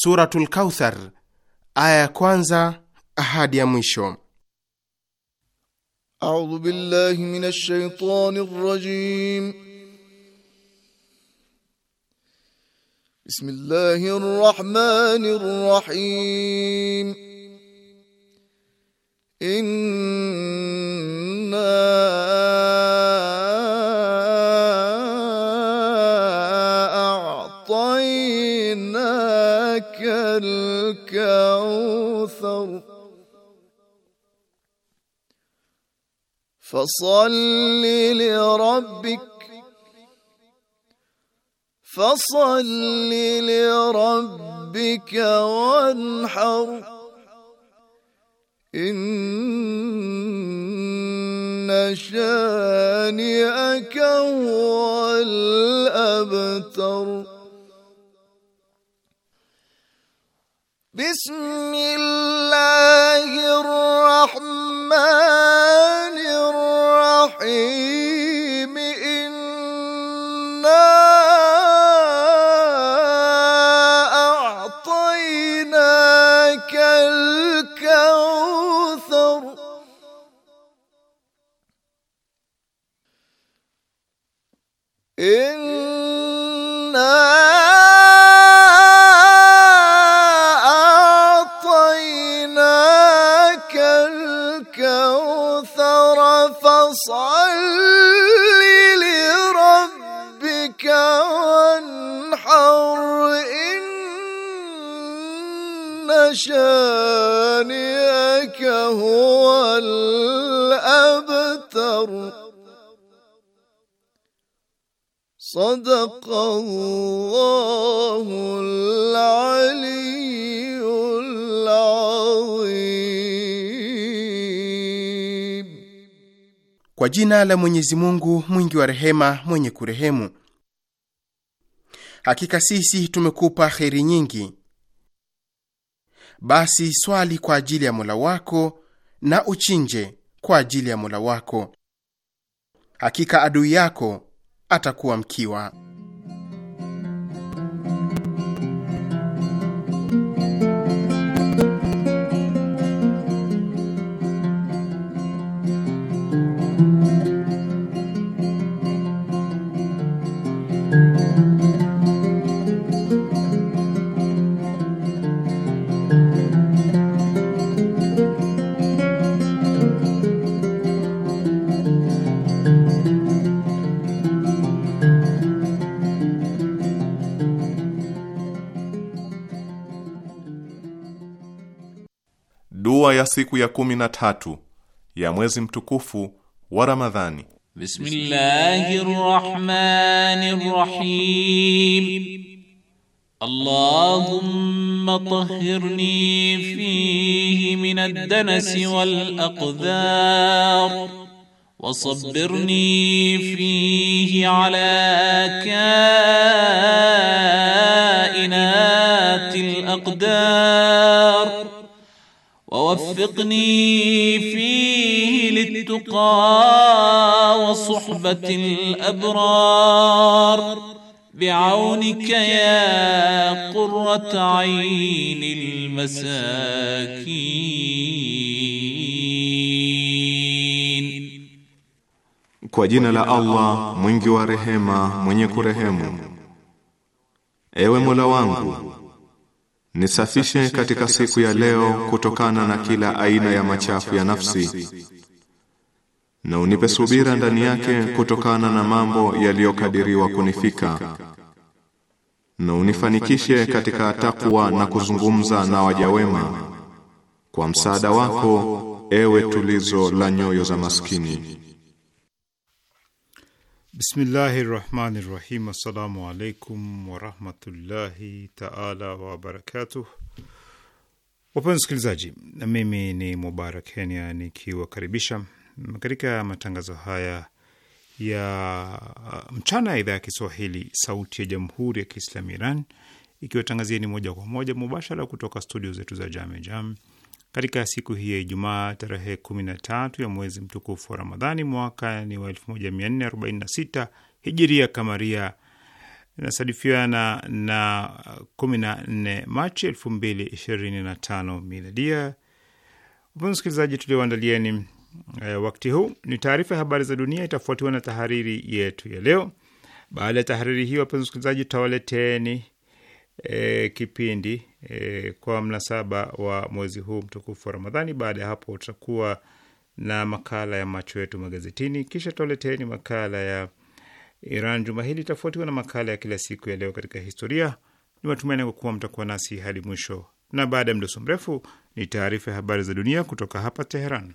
Suratul Kauthar aya ya kwanza hadi ya mwisho. A'udhu billahi minash shaitani rrajim. Bismillahir rahmanir rahim. In فصل لربك فصل لربك وانحر إن شانئك هو الأبتر بسم الله الرحمن الرحيم هو الأبتر صدق الله العلي العظيم Kwa jina la Mwenyezi Mungu mwingi wa rehema mwenye kurehemu Hakika sisi tumekupa kheri nyingi basi swali kwa ajili ya Mola wako na uchinje kwa ajili ya Mola wako. Hakika adui yako atakuwa mkiwa. siku ya kumi na tatu ya mwezi mtukufu wa Ramadhani. Bismillahir Rahmanir Rahim. Allahumma tahhirni fihi min ad-danas wal aqdhar وصبرني فيه على كائنات الأقدار ووفقني فيه للتقى وصحبة الأبرار بعونك يا قرة عين المساكين kwa jina la Allah mwingi wa rehema mwenye kurehemu ewe Mola wangu Nisafishe katika siku ya leo kutokana na kila aina ya machafu ya nafsi na unipe subira ndani yake kutokana na mambo yaliyokadiriwa kunifika na unifanikishe katika takwa na kuzungumza na waja wema kwa msaada wako ewe tulizo la nyoyo za maskini. Bismillahi rahmani rahim. Assalamu alaikum warahmatullahi taala wabarakatuh. Wapenzi msikilizaji, na mimi ni Mubarak Kenya nikiwakaribisha katika matangazo haya ya mchana ya idhaa ya Kiswahili sauti ya jamhuri ya Kiislamu Iran ikiwatangazia ni moja kwa moja mubashara kutoka studio zetu za Jame Jam katika siku hii ya Ijumaa tarehe 13 ya mwezi mtukufu wa Ramadhani mwaka ni wa 1446 hijiria kamaria, inasadifiana na 14 Machi 2025 miladia. Upenzi msikilizaji, tulioandalieni e, eh, wakti huu ni taarifa ya habari za dunia, itafuatiwa na tahariri yetu ya leo. Baada ya tahariri hiyo, wapenzi msikilizaji, tutawaleteni e, kipindi e, kwa mnasaba wa mwezi huu mtukufu wa Ramadhani. Baada ya hapo tutakuwa na makala ya macho yetu magazetini, kisha tutawaleteni makala ya Iran juma hili, itafuatiwa na makala ya kila siku ya leo katika historia. Ni matumaini yangu kuwa mtakuwa nasi hadi mwisho, na baada ya mdoso mrefu ni taarifa ya habari za dunia kutoka hapa Teheran.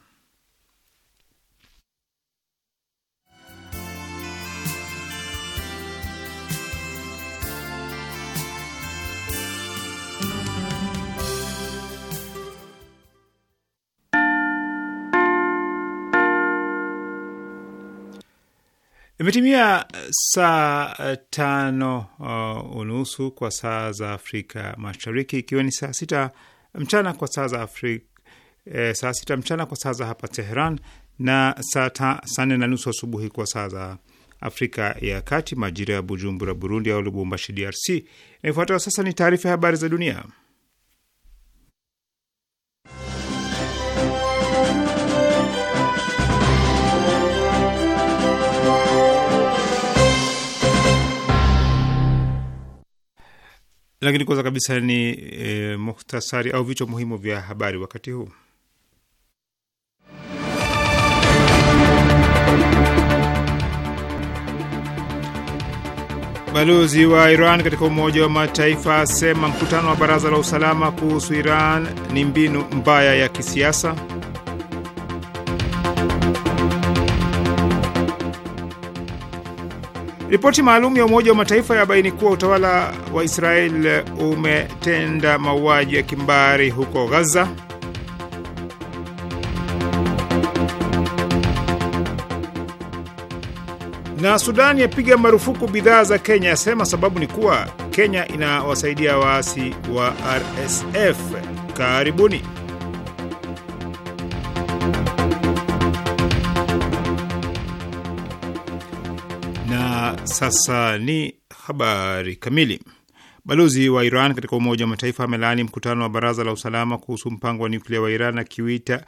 Imetimia saa eh, tano uh, unusu kwa saa za Afrika Mashariki, ikiwa ni saa sita mchana kwa saa za Afrika, e, eh, saa sita mchana kwa saa za hapa Teheran na saa nne na nusu asubuhi kwa saa za Afrika ya Kati, majira ya Bujumbura Burundi au Lubumbashi DRC. Inayofuatayo sasa ni taarifa ya habari za dunia. Lakini kwanza kabisa ni e, muhtasari au vichwa muhimu vya habari wakati huu. Balozi wa Iran katika Umoja wa Mataifa asema mkutano wa Baraza la Usalama kuhusu Iran ni mbinu mbaya ya kisiasa. Ripoti maalum ya Umoja wa Mataifa yabaini kuwa utawala wa Israel umetenda mauaji ya kimbari huko Gaza. Na Sudan yapiga marufuku bidhaa za Kenya, yasema sababu ni kuwa Kenya inawasaidia waasi wa RSF. Karibuni. sasa ni habari kamili. Balozi wa Iran katika Umoja wa Mataifa amelaani mkutano wa Baraza la Usalama kuhusu mpango wa nyuklia wa Iran, akiuita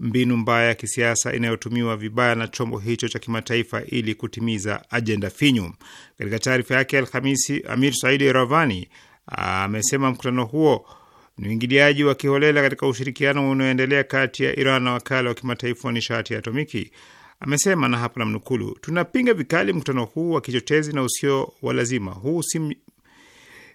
mbinu mbaya ya kisiasa inayotumiwa vibaya na chombo hicho cha kimataifa ili kutimiza ajenda finyu. Katika taarifa yake Alhamisi, Amir Saidi Ravani amesema mkutano huo ni uingiliaji wa kiholela katika ushirikiano unaoendelea kati ya Iran na wakala wa kimataifa wa nishati ya atomiki amesema, na hapa namnukulu, tunapinga vikali mkutano huu wa kichochezi na usio wa lazima. Huu si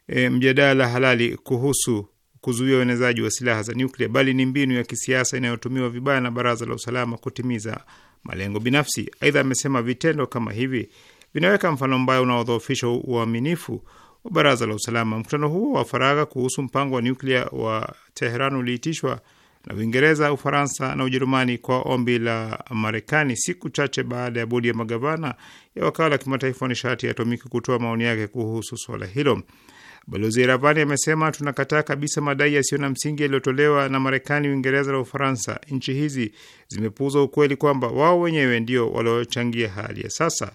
e, mjadala halali kuhusu kuzuia uenezaji wa silaha za nyuklia, bali ni mbinu ya kisiasa inayotumiwa vibaya na Baraza la Usalama kutimiza malengo binafsi. Aidha amesema vitendo kama hivi vinaweka mfano mbaya unaodhoofisha uaminifu wa Baraza la Usalama. Mkutano huo wa faragha kuhusu mpango wa nyuklia wa Teheran uliitishwa na Uingereza, Ufaransa na Ujerumani kwa ombi la Marekani siku chache baada ya bodi ya magavana ya wakala wa kimataifa wa nishati ya atomiki kutoa maoni yake kuhusu suala hilo. Balozi ravani amesema tunakataa kabisa madai yasiyo na msingi yaliyotolewa na Marekani, Uingereza na Ufaransa. Nchi hizi zimepuuza ukweli kwamba wao wenyewe ndio waliochangia hali ya sasa.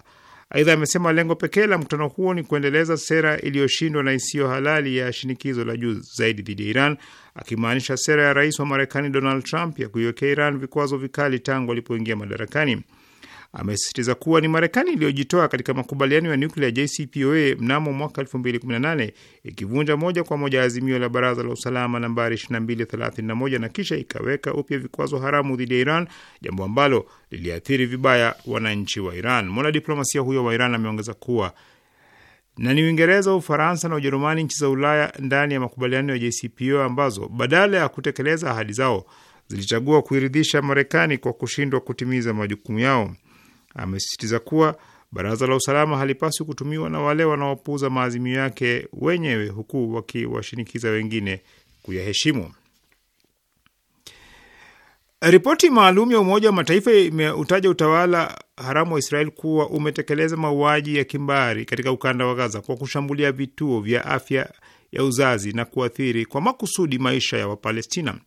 Aidha, amesema lengo pekee la mkutano huo ni kuendeleza sera iliyoshindwa na isiyo halali ya shinikizo la juu zaidi dhidi ya Iran, akimaanisha sera ya rais wa Marekani Donald Trump ya kuiwekea Iran vikwazo vikali tangu alipoingia madarakani amesisitiza kuwa ni Marekani iliyojitoa katika makubaliano ya nuklia JCPOA mnamo mwaka 2018 ikivunja moja kwa moja azimio la Baraza la Usalama nambari 2231 na kisha ikaweka upya vikwazo haramu dhidi ya Iran, jambo ambalo liliathiri vibaya wananchi wa Iran. Mwanadiplomasia huyo wa Iran ameongeza kuwa na ni Uingereza, Ufaransa na Ujerumani, nchi za Ulaya ndani ya makubaliano ya JCPOA ambazo badala ya kutekeleza ahadi zao zilichagua kuiridhisha Marekani kwa kushindwa kutimiza majukumu yao. Amesisitiza kuwa baraza la usalama halipaswi kutumiwa na wale wanaopuuza maazimio yake wenyewe huku wakiwashinikiza wengine kuyaheshimu. Ripoti maalum ya Umoja wa Mataifa imeutaja utawala haramu wa Israel kuwa umetekeleza mauaji ya kimbari katika ukanda wa Gaza kwa kushambulia vituo vya afya ya uzazi na kuathiri kwa makusudi maisha ya Wapalestina.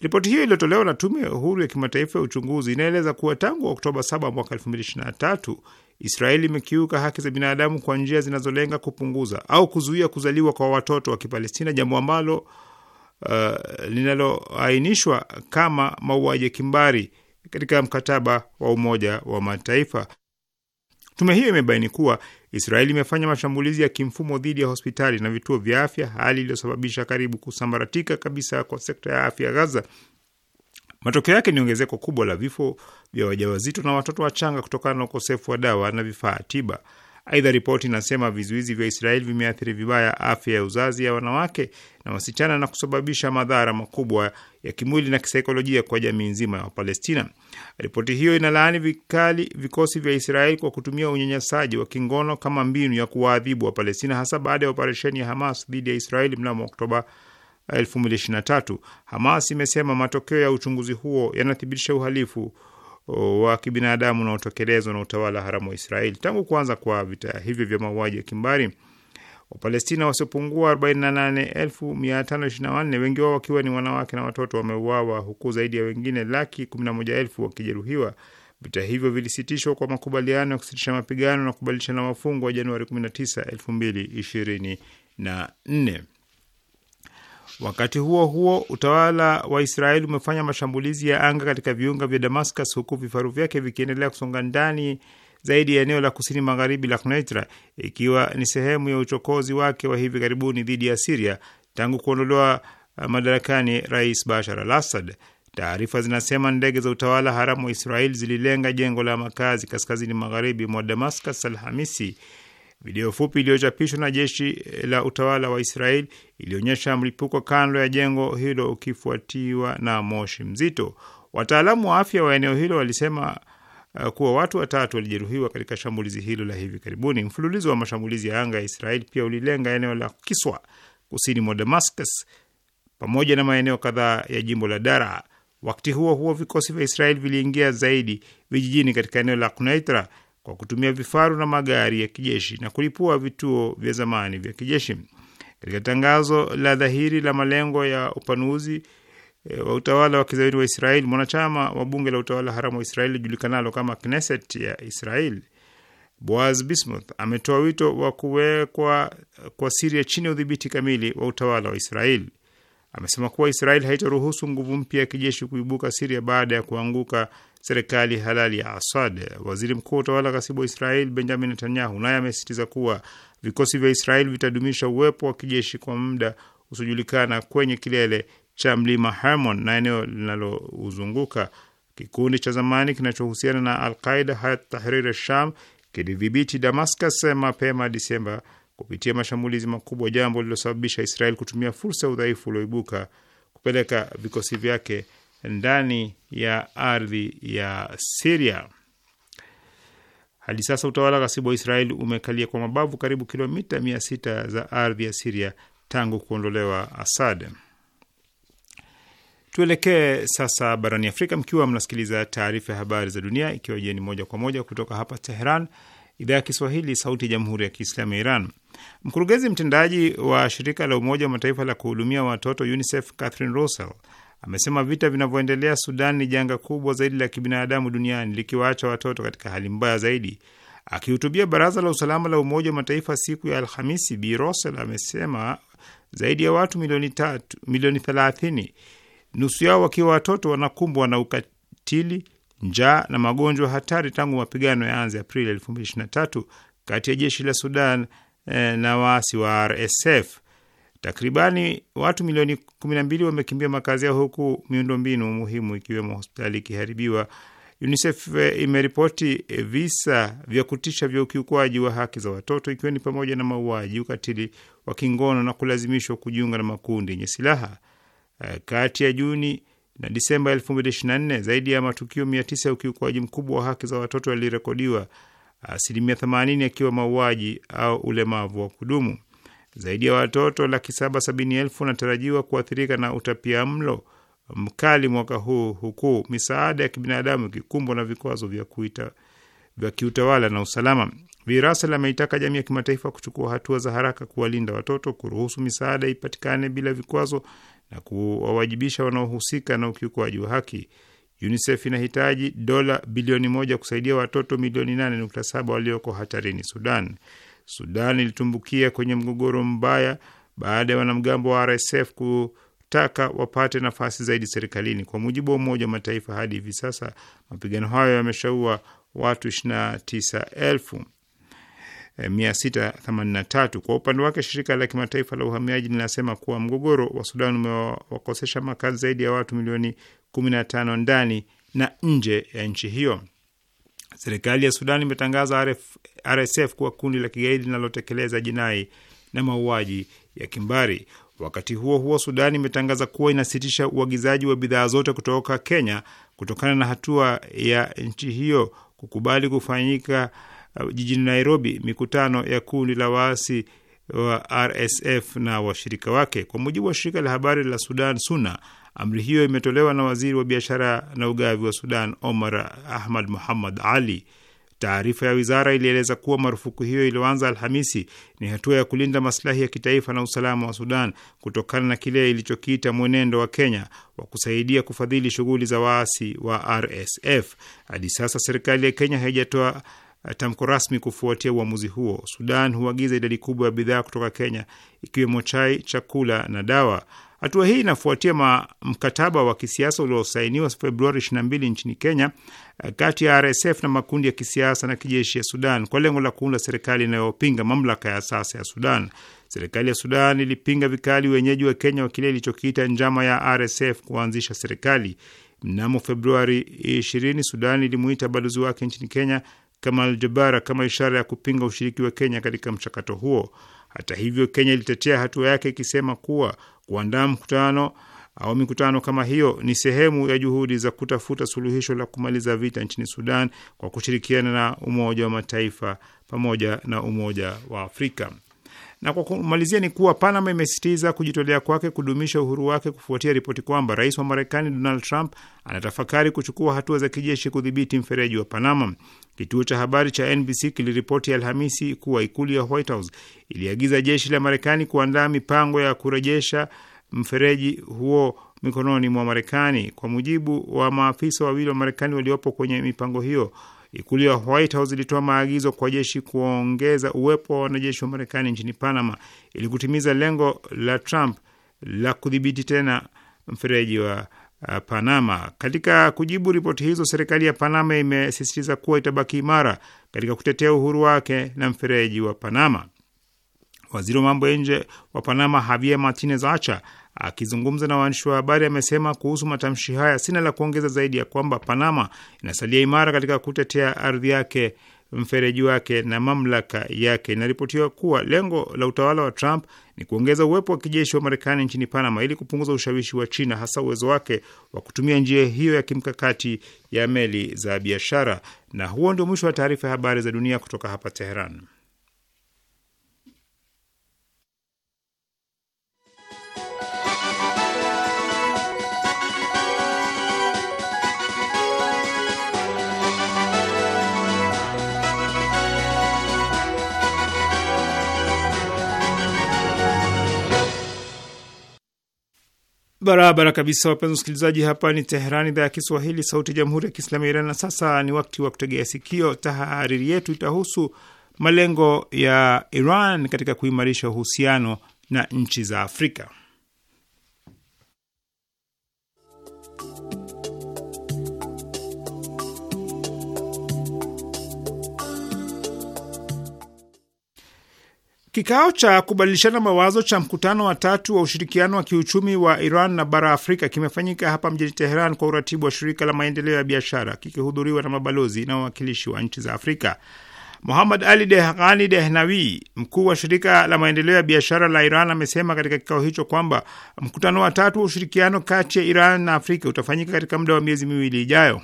Ripoti hiyo iliyotolewa na Tume ya Uhuru ya Kimataifa ya Uchunguzi inaeleza kuwa tangu Oktoba 7 mwaka 2023 Israeli imekiuka haki za binadamu kwa njia zinazolenga kupunguza au kuzuia kuzaliwa kwa watoto wa Kipalestina, jambo ambalo uh, linaloainishwa kama mauaji ya kimbari katika mkataba wa Umoja wa Mataifa. Tume hiyo imebaini kuwa Israeli imefanya mashambulizi ya kimfumo dhidi ya hospitali na vituo vya afya, hali iliyosababisha karibu kusambaratika kabisa kwa sekta ya afya Gaza. Matokeo yake ni ongezeko kubwa la vifo vya wajawazito na watoto wachanga kutokana na ukosefu wa dawa na vifaa tiba. Aidha, ripoti inasema vizuizi vya Israeli vimeathiri vibaya afya ya uzazi ya wanawake na wasichana na kusababisha madhara makubwa ya kimwili na kisaikolojia kwa jamii nzima ya Wapalestina. Ripoti hiyo inalaani vikali vikosi vya Israeli kwa kutumia unyanyasaji wa kingono kama mbinu ya kuwaadhibu Wapalestina, hasa baada ya operesheni ya Hamas dhidi ya Israeli mnamo Oktoba 2023. Hamas imesema matokeo ya uchunguzi huo yanathibitisha uhalifu wa kibinadamu unaotekelezwa na utawala haramu wa Israeli. Tangu kuanza kwa vita hivyo vya mauaji ya kimbari, Wapalestina wasiopungua 48524 wengi wao wakiwa ni wanawake na watoto wameuawa, huku zaidi ya wengine laki 11,000 wakijeruhiwa. Vita hivyo vilisitishwa kwa makubaliano ya kusitisha mapigano na kubadilishana wafungwa wa Januari 19, 2024. Wakati huo huo, utawala wa Israeli umefanya mashambulizi ya anga katika viunga vya Damascus, huku vifaru vyake vikiendelea kusonga ndani zaidi ya eneo la kusini magharibi la Kneitra, ikiwa ni sehemu ya uchokozi wake wa hivi karibuni dhidi ya Siria tangu kuondolewa eh, madarakani Rais Bashar al Assad. Taarifa zinasema ndege za utawala haramu wa Israeli zililenga jengo la makazi kaskazini magharibi mwa Damascus Alhamisi Video fupi iliyochapishwa na jeshi eh, la utawala wa Israel ilionyesha mlipuko kando ya jengo hilo ukifuatiwa na moshi mzito. Wataalamu wa afya wa eneo hilo walisema uh, kuwa watu watatu walijeruhiwa katika shambulizi hilo la hivi karibuni. Mfululizo wa mashambulizi ya anga ya Israel pia ulilenga eneo la Kiswa kusini mwa Damascus pamoja na maeneo kadhaa ya jimbo la dara Wakati huo huo, vikosi vya Israel viliingia zaidi vijijini katika eneo la Kunaitra kwa kutumia vifaru na magari ya kijeshi na kulipua vituo vya zamani vya kijeshi. Katika tangazo la dhahiri la malengo ya upanuzi e, wa utawala wa kizayuni wa Israeli, mwanachama wa bunge la utawala haramu wa Israeli julikanalo kama Knesset ya Israeli, Boaz Bismuth ametoa wito wa kuwekwa kwa Siria chini ya udhibiti kamili wa utawala wa Israeli amesema kuwa Israel haitaruhusu nguvu mpya ya kijeshi kuibuka Siria baada ya kuanguka serikali halali ya Assad. Waziri mkuu wa utawala kasibu wa Israel Benjamin Netanyahu naye amesisitiza kuwa vikosi vya Israel vitadumisha uwepo wa kijeshi kwa muda usiojulikana kwenye kilele cha mlima Hermon na eneo linalouzunguka. Kikundi cha zamani kinachohusiana na Alqaida Hayat Tahrir Sham kilidhibiti Damascus mapema Disemba kupitia mashambulizi makubwa, jambo lililosababisha Israel kutumia fursa ya udhaifu ulioibuka kupeleka vikosi vyake ndani ya ardhi ya Siria. Hadi sasa utawala ghasibu wa Israel umekalia kwa mabavu karibu kilomita mia sita za ardhi ya Siria tangu kuondolewa Assad. Tuelekee sasa barani Afrika, mkiwa mnasikiliza taarifa ya habari za dunia, ikiwa jeni moja kwa moja kutoka hapa Teheran, idhaa ya Kiswahili, sauti ya jamhuri ya kiislamu ya Iran. Mkurugenzi mtendaji wa shirika la Umoja wa Mataifa la kuhudumia watoto UNICEF Catherine Russell amesema vita vinavyoendelea Sudan ni janga kubwa zaidi la kibinadamu duniani likiwaacha watoto katika hali mbaya zaidi. Akihutubia Baraza la Usalama la Umoja wa Mataifa siku ya Alhamisi, Bi Russell amesema zaidi ya watu milioni tatu, milioni thelathini, nusu yao wakiwa watoto wanakumbwa na ukatili, njaa na magonjwa hatari tangu mapigano yaanze Aprili 2023 kati ya jeshi la Sudan Eh, na waasi wa RSF. Takribani watu milioni 12 wamekimbia makazi yao huku miundombinu muhimu ikiwemo hospitali ikiharibiwa. UNICEF eh, imeripoti eh, visa vya kutisha vya ukiukwaji wa haki za watoto ikiwa ni pamoja na mauaji, ukatili wa kingono na kulazimishwa kujiunga na makundi yenye silaha. Kati ya Juni na Disemba 2024 zaidi ya matukio 900 ya ukiukwaji mkubwa wa haki za watoto yalirekodiwa asilimia themanini akiwa mauaji au ulemavu wa kudumu. Zaidi ya watoto laki saba sabini elfu wanatarajiwa kuathirika na utapia mlo mkali mwaka huu huku misaada ya kibinadamu ikikumbwa na vikwazo vya kuita vya kiutawala na usalama. Virasal ameitaka jamii ya kimataifa kuchukua hatua za haraka kuwalinda watoto, kuruhusu misaada ipatikane bila vikwazo na kuwawajibisha wanaohusika na ukiukwaji wa haki. UNICEF inahitaji dola bilioni moja kusaidia watoto milioni 8.7 walioko hatarini Sudan. Sudan ilitumbukia kwenye mgogoro mbaya baada ya wanamgambo wa RSF kutaka wapate nafasi zaidi serikalini. Kwa mujibu wa Umoja wa Mataifa, hadi hivi sasa mapigano hayo yameshaua watu 29,683. Eh, Kwa upande wake, shirika la kimataifa la uhamiaji linasema kuwa mgogoro wa Sudan umewakosesha makazi zaidi ya watu milioni 15 ndani na nje ya nchi hiyo. Serikali ya Sudan imetangaza RSF kuwa kundi la kigaidi linalotekeleza jinai na mauaji ya kimbari. Wakati huo huo, Sudan imetangaza kuwa inasitisha uagizaji wa bidhaa zote kutoka Kenya kutokana na hatua ya nchi hiyo kukubali kufanyika uh, jijini Nairobi mikutano ya kundi la waasi wa RSF na washirika wake. Kwa mujibu wa shirika la habari la Sudan Suna, amri hiyo imetolewa na waziri wa biashara na ugavi wa Sudan, Omar Ahmad Muhammad Ali. Taarifa ya wizara ilieleza kuwa marufuku hiyo iliyoanza Alhamisi ni hatua ya kulinda masilahi ya kitaifa na usalama wa Sudan kutokana na kile ilichokiita mwenendo wa Kenya wa kusaidia kufadhili shughuli za waasi wa RSF. Hadi sasa serikali ya Kenya haijatoa Eh, tamko rasmi kufuatia uamuzi huo. Sudan huagiza idadi kubwa ya bidhaa kutoka Kenya, ikiwemo chai, chakula na dawa. Hatua hii inafuatia mkataba wa kisiasa uliosainiwa Februari 22 nchini Kenya eh, kati ya RSF na makundi ya kisiasa na kijeshi ya Sudan kwa lengo la kuunda serikali inayopinga mamlaka ya sasa ya Sudan. Serikali ya Sudan ilipinga vikali wenyeji wa Kenya wa kile ilichokiita njama ya RSF kuanzisha serikali. Mnamo Februari 20 Sudan ilimuita balozi wake nchini Kenya Kamal Jabara kama ishara ya kupinga ushiriki wa Kenya katika mchakato huo. Hata hivyo, Kenya ilitetea hatua yake ikisema kuwa kuandaa mkutano au mikutano kama hiyo ni sehemu ya juhudi za kutafuta suluhisho la kumaliza vita nchini Sudan kwa kushirikiana na Umoja wa Mataifa pamoja na Umoja wa Afrika. Na kwa kumalizia ni kuwa Panama imesisitiza kujitolea kwake kudumisha uhuru wake kufuatia ripoti kwamba rais wa Marekani Donald Trump anatafakari kuchukua hatua za kijeshi kudhibiti mfereji wa Panama. Kituo cha habari cha NBC kiliripoti Alhamisi kuwa ikulu ya White House iliagiza jeshi la Marekani kuandaa mipango ya kurejesha mfereji huo mikononi mwa Marekani. Kwa mujibu wa maafisa wawili wa Marekani waliopo kwenye mipango hiyo, ikulu ya White House ilitoa maagizo kwa jeshi kuongeza uwepo wa wanajeshi wa Marekani nchini Panama ili kutimiza lengo la Trump la kudhibiti tena mfereji wa Uh, Panama. Katika kujibu ripoti hizo, serikali ya Panama imesisitiza kuwa itabaki imara katika kutetea uhuru wake na mfereji wa Panama. Waziri wa mambo ya nje wa Panama Javier Martinez Acha akizungumza na waandishi wa habari amesema kuhusu matamshi haya, sina la kuongeza zaidi ya kwamba Panama inasalia imara katika kutetea ardhi yake mfereji wake na mamlaka yake. Inaripotiwa kuwa lengo la utawala wa Trump ni kuongeza uwepo wa kijeshi wa Marekani nchini Panama ili kupunguza ushawishi wa China, hasa uwezo wake wa kutumia njia hiyo ya kimkakati ya meli za biashara. Na huo ndio mwisho wa taarifa ya habari za dunia kutoka hapa Teheran. Barabara kabisa, wapenzi wasikilizaji, hapa ni Teheran, idhaa ya Kiswahili, sauti ya jamhuri ya kiislamu ya Iran. Na sasa ni wakati wa kutegea sikio. Tahariri yetu itahusu malengo ya Iran katika kuimarisha uhusiano na nchi za Afrika. Kikao cha kubadilishana mawazo cha mkutano wa tatu wa ushirikiano wa kiuchumi wa Iran na bara Afrika kimefanyika hapa mjini Teheran kwa uratibu wa shirika la maendeleo ya biashara kikihudhuriwa na mabalozi na wawakilishi wa nchi za Afrika. Muhammad Ali Dehghani Dehnawi, mkuu wa shirika la maendeleo ya biashara la Iran, amesema katika kikao hicho kwamba mkutano wa tatu wa ushirikiano kati ya Iran na Afrika utafanyika katika muda wa miezi miwili ijayo.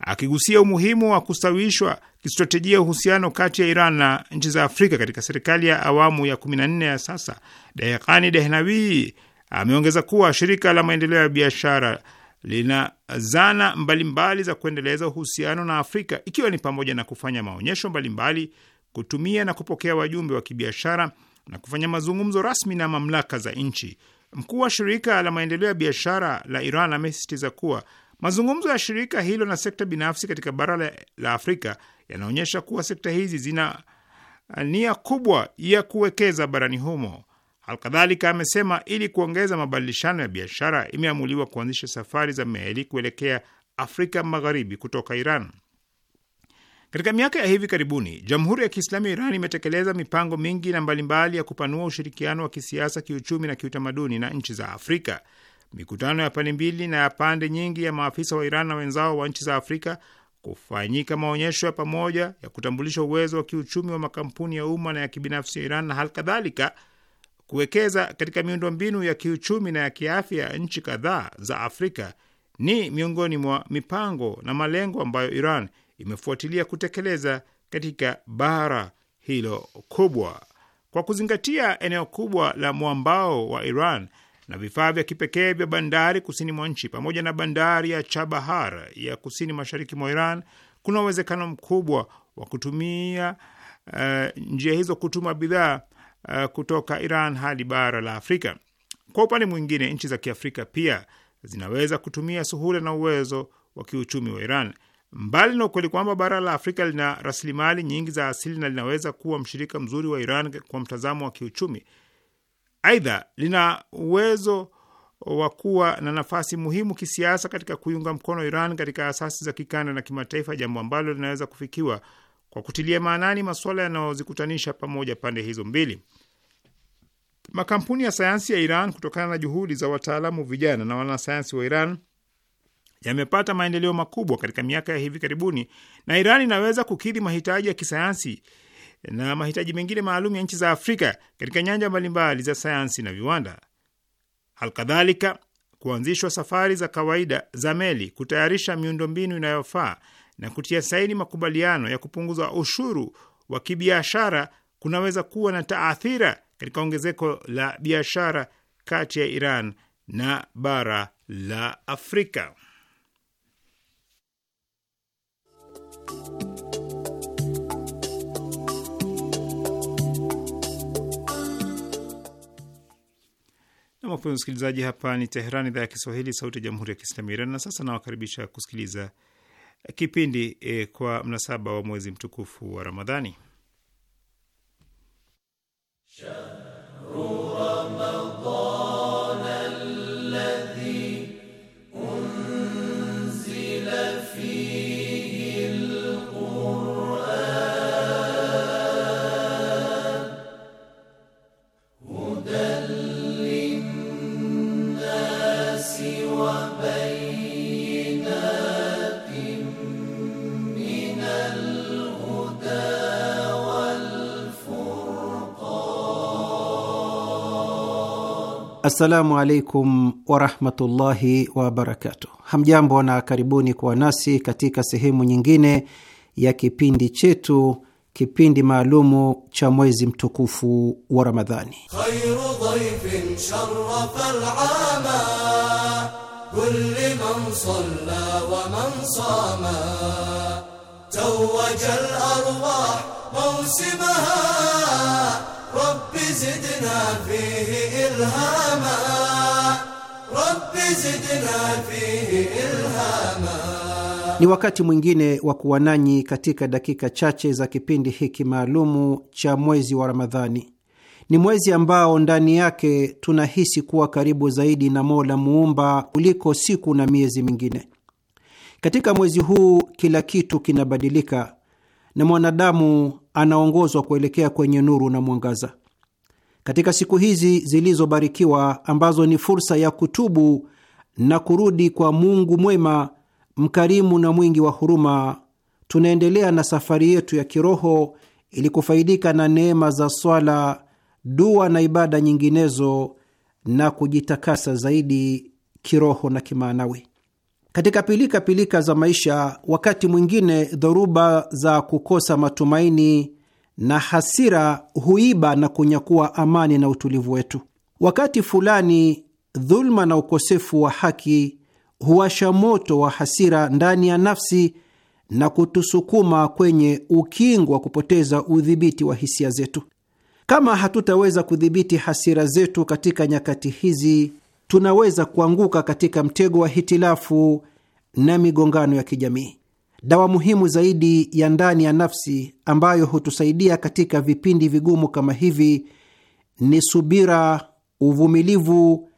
Akigusia umuhimu wa kustawishwa kistratejia uhusiano kati ya Iran na nchi za Afrika katika serikali ya awamu ya 14 ya sasa. dehani Dehnawi ameongeza kuwa shirika la maendeleo ya biashara lina zana mbalimbali mbali za kuendeleza uhusiano na Afrika, ikiwa ni pamoja na kufanya maonyesho mbalimbali mbali, kutumia na kupokea wajumbe wa kibiashara na kufanya mazungumzo rasmi na mamlaka za nchi. Mkuu wa shirika la maendeleo ya biashara la Iran amesisitiza kuwa Mazungumzo ya shirika hilo na sekta binafsi katika bara la Afrika yanaonyesha kuwa sekta hizi zina nia kubwa ya kuwekeza barani humo. Alkadhalika amesema ili kuongeza mabadilishano ya biashara, imeamuliwa kuanzisha safari za meli kuelekea Afrika Magharibi kutoka Iran. Katika miaka ya hivi karibuni, Jamhuri ya Kiislamu ya Iran imetekeleza mipango mingi na mbalimbali ya kupanua ushirikiano wa kisiasa, kiuchumi na kiutamaduni na nchi za Afrika mikutano ya pande mbili na ya pande nyingi ya maafisa wa Iran na wenzao wa nchi za Afrika, kufanyika maonyesho ya pamoja ya kutambulisha uwezo wa kiuchumi wa makampuni ya umma na ya kibinafsi ya Iran na hali kadhalika kuwekeza katika miundo mbinu ya kiuchumi na ya kiafya ya nchi kadhaa za Afrika ni miongoni mwa mipango na malengo ambayo Iran imefuatilia kutekeleza katika bara hilo kubwa. Kwa kuzingatia eneo kubwa la mwambao wa Iran na vifaa vya kipekee vya bandari kusini mwa nchi pamoja na bandari ya Chabahar ya kusini mashariki mwa Iran, kuna uwezekano mkubwa wa kutumia uh, njia hizo kutuma bidhaa uh, kutoka Iran hadi bara la Afrika. Kwa upande mwingine, nchi za Kiafrika pia zinaweza kutumia suhula na uwezo wa kiuchumi wa Iran. Mbali na ukweli kwamba bara la Afrika lina rasilimali nyingi za asili na linaweza kuwa mshirika mzuri wa Iran kwa mtazamo wa kiuchumi, Aidha, lina uwezo wa kuwa na nafasi muhimu kisiasa katika kuiunga mkono Iran katika asasi za kikanda na kimataifa, jambo ambalo linaweza kufikiwa kwa kutilia maanani masuala yanayozikutanisha pamoja pande hizo mbili. Makampuni ya sayansi ya Iran, kutokana na juhudi za wataalamu vijana na wanasayansi wa Iran, yamepata maendeleo makubwa katika miaka ya hivi karibuni, na Iran inaweza kukidhi mahitaji ya kisayansi na mahitaji mengine maalum ya nchi za Afrika katika nyanja mbalimbali za sayansi na viwanda. Alkadhalika, kuanzishwa safari za kawaida za meli, kutayarisha miundombinu inayofaa na kutia saini makubaliano ya kupunguza ushuru wa kibiashara kunaweza kuwa na taathira katika ongezeko la biashara kati ya Iran na bara la Afrika. Wapenzi msikilizaji, hapa ni Teherani, idhaa ya Kiswahili, sauti ya jamhuri ya kiislamu ya Iran. Na sasa nawakaribisha kusikiliza kipindi e, kwa mnasaba wa mwezi mtukufu wa Ramadhani. Assalamu alaikum warahmatullahi wabarakatuh. Hamjambo na karibuni kuwa nasi katika sehemu nyingine ya kipindi chetu, kipindi maalumu cha mwezi mtukufu wa Ramadhani. ربي زدنا فيه الهاما زدنا فيه ni wakati mwingine wa kuwa nanyi katika dakika chache za kipindi hiki maalumu cha mwezi wa Ramadhani. Ni mwezi ambao ndani yake tunahisi kuwa karibu zaidi na Mola Muumba kuliko siku na miezi mingine. Katika mwezi huu kila kitu kinabadilika na mwanadamu anaongozwa kuelekea kwenye nuru na mwangaza. Katika siku hizi zilizobarikiwa ambazo ni fursa ya kutubu na kurudi kwa Mungu mwema, mkarimu na mwingi wa huruma, tunaendelea na safari yetu ya kiroho ili kufaidika na neema za swala, dua na ibada nyinginezo na kujitakasa zaidi kiroho na kimaanawi. Katika pilikapilika pilika za maisha, wakati mwingine dhoruba za kukosa matumaini na hasira huiba na kunyakua amani na utulivu wetu. Wakati fulani, dhuluma na ukosefu wa haki huwasha moto wa hasira ndani ya nafsi na kutusukuma kwenye ukingo wa kupoteza udhibiti wa hisia zetu. Kama hatutaweza kudhibiti hasira zetu katika nyakati hizi, tunaweza kuanguka katika mtego wa hitilafu na migongano ya kijamii. Dawa muhimu zaidi ya ndani ya nafsi ambayo hutusaidia katika vipindi vigumu kama hivi ni subira, uvumilivu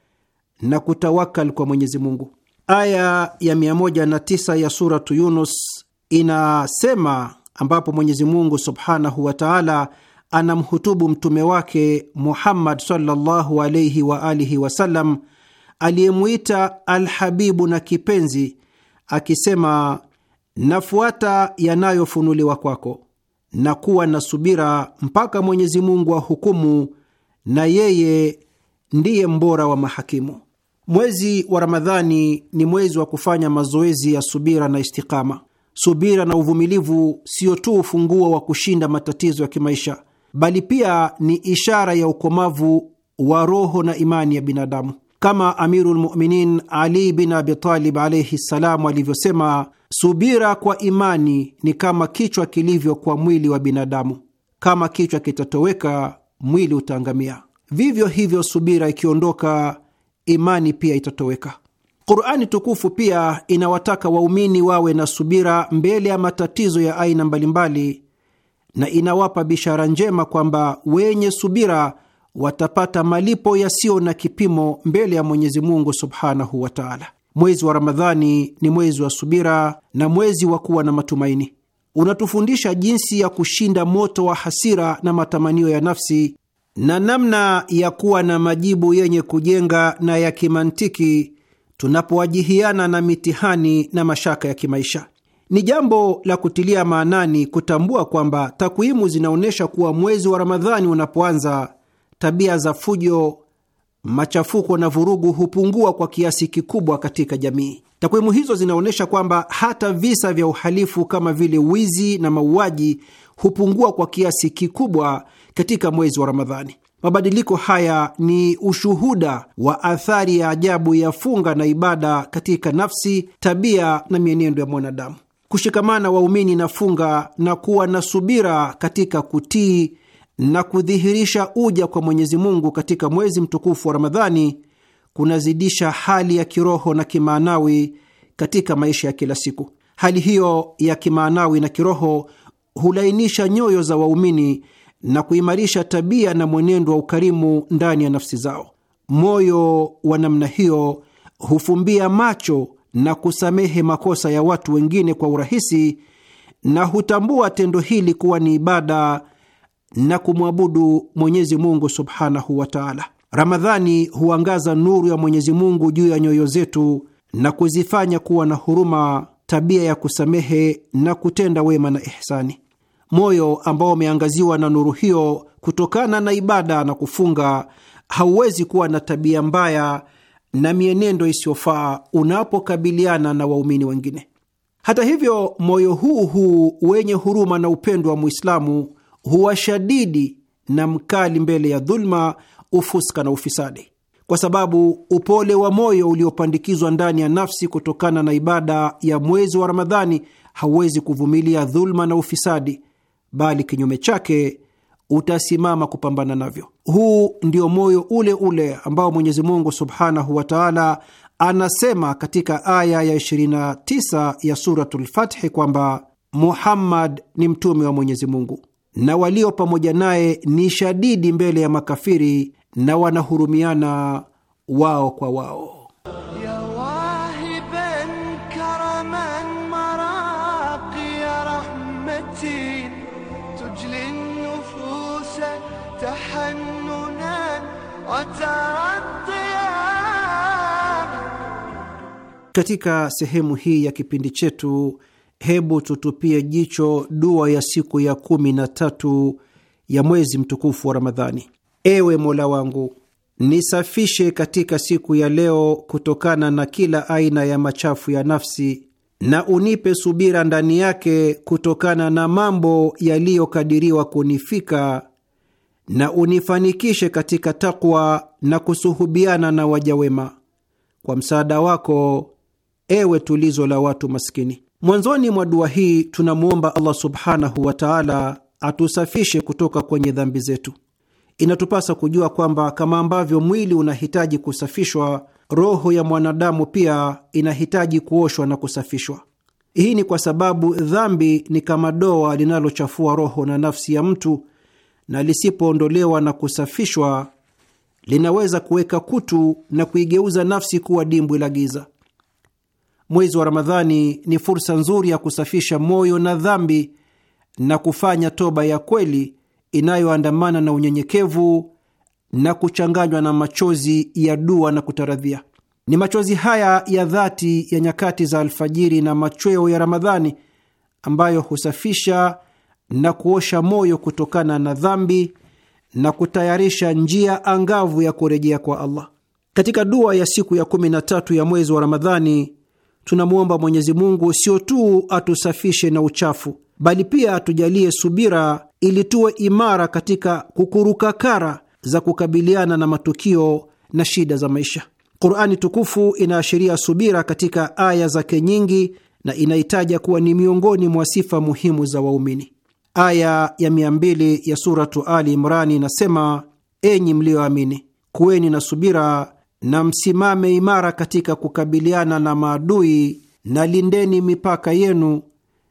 na kutawakal kwa Mwenyezi Mungu. Aya ya 109 ya Suratu Yunus inasema, ambapo Mwenyezi Mungu subhanahu wa taala anamhutubu mtume wake Muhammad sallallahu alaihi waalihi wa aliyemwita Alhabibu na kipenzi, akisema, nafuata yanayofunuliwa kwako na kuwa na subira mpaka Mwenyezi Mungu ahukumu, na yeye ndiye mbora wa mahakimu. Mwezi wa Ramadhani ni mwezi wa kufanya mazoezi ya subira na istikama. Subira na uvumilivu sio tu ufunguo wa kushinda matatizo ya kimaisha, bali pia ni ishara ya ukomavu wa roho na imani ya binadamu kama Amiru lmuminin Ali bin Abitalib alaihi ssalam alivyosema, subira kwa imani ni kama kichwa kilivyo kwa mwili wa binadamu, kama kichwa kitatoweka, mwili utaangamia. Vivyo hivyo, subira ikiondoka, imani pia itatoweka. Qurani tukufu pia inawataka waumini wawe na subira mbele ya matatizo ya aina mbalimbali, na inawapa bishara njema kwamba wenye subira watapata malipo yasiyo na kipimo mbele ya Mwenyezi Mungu subhanahu wa taala. Mwezi wa Ramadhani ni mwezi wa subira na mwezi wa kuwa na matumaini. Unatufundisha jinsi ya kushinda moto wa hasira na matamanio ya nafsi na namna ya kuwa na majibu yenye kujenga na ya kimantiki tunapowajihiana na mitihani na mashaka ya kimaisha. Ni jambo la kutilia maanani kutambua kwamba takwimu zinaonyesha kuwa mwezi wa Ramadhani unapoanza tabia za fujo, machafuko na vurugu hupungua kwa kiasi kikubwa katika jamii. Takwimu hizo zinaonyesha kwamba hata visa vya uhalifu kama vile wizi na mauaji hupungua kwa kiasi kikubwa katika mwezi wa Ramadhani. Mabadiliko haya ni ushuhuda wa athari ya ajabu ya funga na ibada katika nafsi, tabia na mienendo ya mwanadamu. Kushikamana waumini na funga na kuwa na subira katika kutii na kudhihirisha uja kwa Mwenyezi Mungu katika mwezi mtukufu wa Ramadhani kunazidisha hali ya kiroho na kimaanawi katika maisha ya kila siku. Hali hiyo ya kimaanawi na kiroho hulainisha nyoyo za waumini na kuimarisha tabia na mwenendo wa ukarimu ndani ya nafsi zao. Moyo wa namna hiyo hufumbia macho na kusamehe makosa ya watu wengine kwa urahisi na hutambua tendo hili kuwa ni ibada na kumwabudu Mwenyezi Mungu subhanahu wa taala. Ramadhani huangaza nuru ya Mwenyezi Mungu juu ya nyoyo zetu na kuzifanya kuwa na huruma, tabia ya kusamehe na kutenda wema na ihsani. Moyo ambao umeangaziwa na nuru hiyo kutokana na ibada na kufunga hauwezi kuwa na tabia mbaya na mienendo isiyofaa unapokabiliana na waumini wengine. Hata hivyo, moyo huu huu wenye huruma na upendo wa Muislamu huwa shadidi na mkali mbele ya dhuluma, ufuska na ufisadi, kwa sababu upole wa moyo uliopandikizwa ndani ya nafsi kutokana na ibada ya mwezi wa Ramadhani hauwezi kuvumilia dhuluma na ufisadi, bali kinyume chake utasimama kupambana navyo. Huu ndio moyo ule ule ambao Mwenyezi Mungu subhanahu wa taala anasema katika aya ya 29 ya Suratul Fathi kwamba Muhammad ni mtume wa Mwenyezi Mungu na walio pamoja naye ni shadidi mbele ya makafiri na wanahurumiana wao kwa wao. Katika sehemu hii ya kipindi chetu hebu tutupie jicho dua ya siku ya kumi na tatu ya mwezi mtukufu wa Ramadhani. Ewe Mola wangu, nisafishe katika siku ya leo kutokana na kila aina ya machafu ya nafsi na unipe subira ndani yake kutokana na mambo yaliyokadiriwa kunifika na unifanikishe katika takwa na kusuhubiana na wajawema kwa msaada wako, ewe tulizo la watu maskini. Mwanzoni mwa dua hii tunamwomba Allah subhanahu wa taala atusafishe kutoka kwenye dhambi zetu. Inatupasa kujua kwamba kama ambavyo mwili unahitaji kusafishwa, roho ya mwanadamu pia inahitaji kuoshwa na kusafishwa. Hii ni kwa sababu dhambi ni kama doa linalochafua roho na nafsi ya mtu, na lisipoondolewa na kusafishwa linaweza kuweka kutu na kuigeuza nafsi kuwa dimbwi la giza. Mwezi wa Ramadhani ni fursa nzuri ya kusafisha moyo na dhambi na kufanya toba ya kweli inayoandamana na unyenyekevu na kuchanganywa na machozi ya dua na kutaradhia. Ni machozi haya ya dhati ya nyakati za alfajiri na machweo ya Ramadhani ambayo husafisha na kuosha moyo kutokana na dhambi na kutayarisha njia angavu ya kurejea kwa Allah. Katika dua ya siku ya kumi na tatu ya mwezi wa Ramadhani tunamwomba Mwenyezi Mungu sio tu atusafishe na uchafu, bali pia atujalie subira ili tuwe imara katika kukurukakara za kukabiliana na matukio na shida za maisha. Qurani tukufu inaashiria subira katika aya zake nyingi na inahitaja kuwa ni miongoni mwa sifa muhimu za waumini. Aya ya mia mbili ya Suratu Ali Imrani inasema: enyi mliyoamini, kuweni na subira na msimame imara katika kukabiliana na maadui, na lindeni mipaka yenu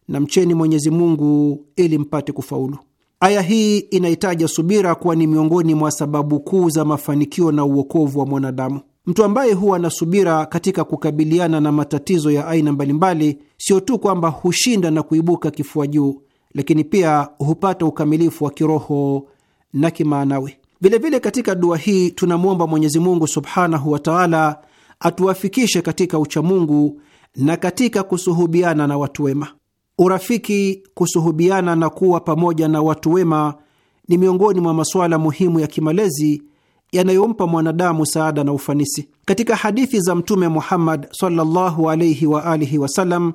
na mcheni Mwenyezi Mungu ili mpate kufaulu. Aya hii inahitaja subira kuwa ni miongoni mwa sababu kuu za mafanikio na uokovu wa mwanadamu. Mtu ambaye huwa na subira katika kukabiliana na matatizo ya aina mbalimbali, sio tu kwamba hushinda na kuibuka kifua juu, lakini pia hupata ukamilifu wa kiroho na kimaanawi. Vilevile katika dua hii tunamwomba Mwenyezi Mungu subhanahu wa taala atuwafikishe katika uchamungu na katika kusuhubiana na watu wema. Urafiki, kusuhubiana na kuwa pamoja na watu wema ni miongoni mwa masuala muhimu ya kimalezi yanayompa mwanadamu saada na ufanisi. Katika hadithi za Mtume Muhammad sallallahu alaihi wa alihi wasallam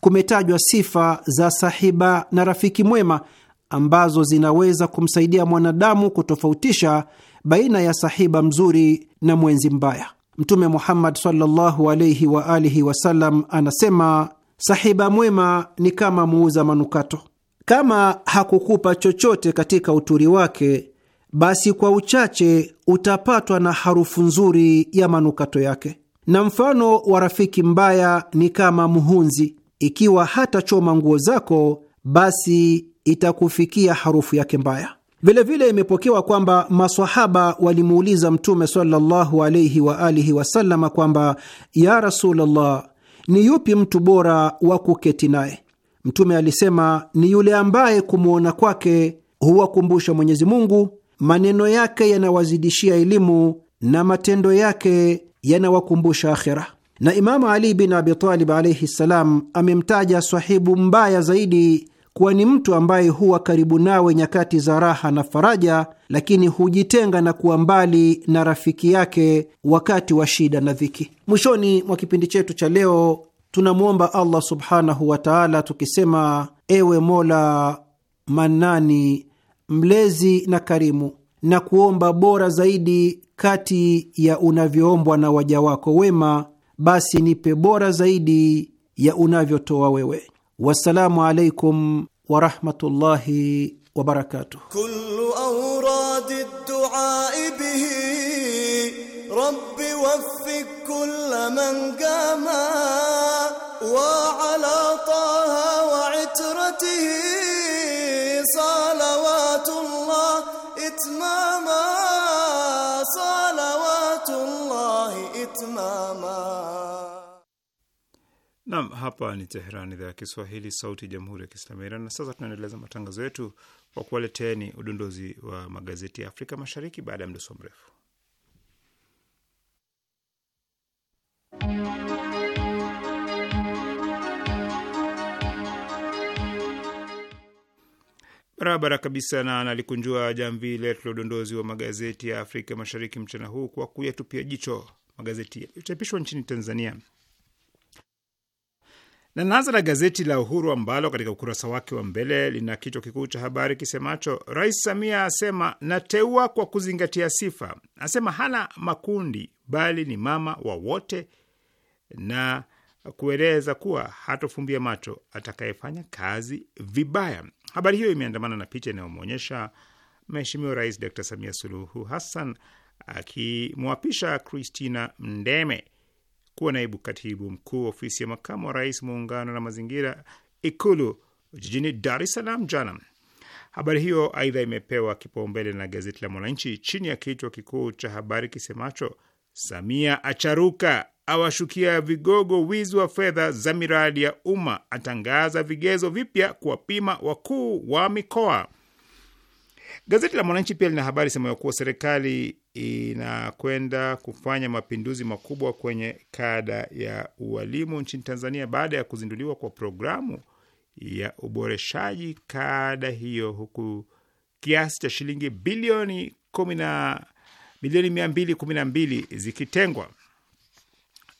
kumetajwa sifa za sahiba na rafiki mwema ambazo zinaweza kumsaidia mwanadamu kutofautisha baina ya sahiba mzuri na mwenzi mbaya. Mtume Muhammad sallallahu wa alihi wasallam anasema, sahiba mwema ni kama muuza manukato. Kama hakukupa chochote katika uturi wake, basi kwa uchache utapatwa na harufu nzuri ya manukato yake. Na mfano wa rafiki mbaya ni kama muhunzi ikiwa hatachoma nguo zako, basi itakufikia harufu yake mbaya. Vilevile imepokewa kwamba masahaba walimuuliza Mtume sallallahu alaihi wa alihi wasallama kwamba ya Rasulullah, ni yupi mtu bora wa kuketi naye? Mtume alisema ni yule ambaye kumwona kwake huwakumbusha Mwenyezi Mungu, maneno yake yanawazidishia elimu na matendo yake yanawakumbusha akhera. Na Imamu Ali bin Abi Talib alaihi ssalam amemtaja swahibu mbaya zaidi kuwa ni mtu ambaye huwa karibu nawe nyakati za raha na faraja, lakini hujitenga na kuwa mbali na rafiki yake wakati wa shida na dhiki. Mwishoni mwa kipindi chetu cha leo tunamwomba Allah subhanahu wa taala tukisema: ewe Mola Manani, mlezi na karimu, na kuomba bora zaidi kati ya unavyoombwa na waja wako wema, basi nipe bora zaidi ya unavyotoa wewe. wassalamu alaikum warahmatullahi wabarakatuh. Kullu awradi duai bihi rabbi waffik kulla man qama wa ala taha wa itratihi salawatullah itmama salawatullah itmama Nam, hapa ni Teheran, idhaa ya Kiswahili, sauti ya jamhuri ya kiislamu ya Iran. Na sasa tunaendeleza matangazo yetu kwa kuwaleteni udondozi wa magazeti ya Afrika Mashariki baada ya mdoso mrefu. Barabara kabisa, na nalikunjua jamvi letu la udondozi wa magazeti ya Afrika Mashariki mchana huu kwa kuyatupia jicho magazeti yaliyochapishwa nchini Tanzania na naanza na gazeti la Uhuru ambalo katika ukurasa wake wa mbele lina kichwa kikuu cha habari kisemacho Rais Samia asema nateua kwa kuzingatia sifa, asema hana makundi bali ni mama wa wote, na kueleza kuwa hatofumbia macho atakayefanya kazi vibaya. Habari hiyo imeandamana na picha inayomwonyesha Mheshimiwa Rais Dr Samia Suluhu Hassan akimwapisha Christina Mdeme kuwa naibu katibu mkuu ofisi ya makamu wa rais muungano na mazingira Ikulu jijini Dar es Salaam jana. Habari hiyo aidha imepewa kipaumbele na gazeti la Mwananchi chini ya kichwa kikuu cha habari kisemacho Samia acharuka awashukia vigogo wizi wa fedha za miradi ya umma, atangaza vigezo vipya kuwapima wakuu wa mikoa. Gazeti la Mwananchi pia lina habari ya kuwa serikali inakwenda kufanya mapinduzi makubwa kwenye kada ya ualimu nchini Tanzania baada ya kuzinduliwa kwa programu ya uboreshaji kada hiyo, huku kiasi cha shilingi bilioni kumi na milioni mia mbili kumi na mbili zikitengwa.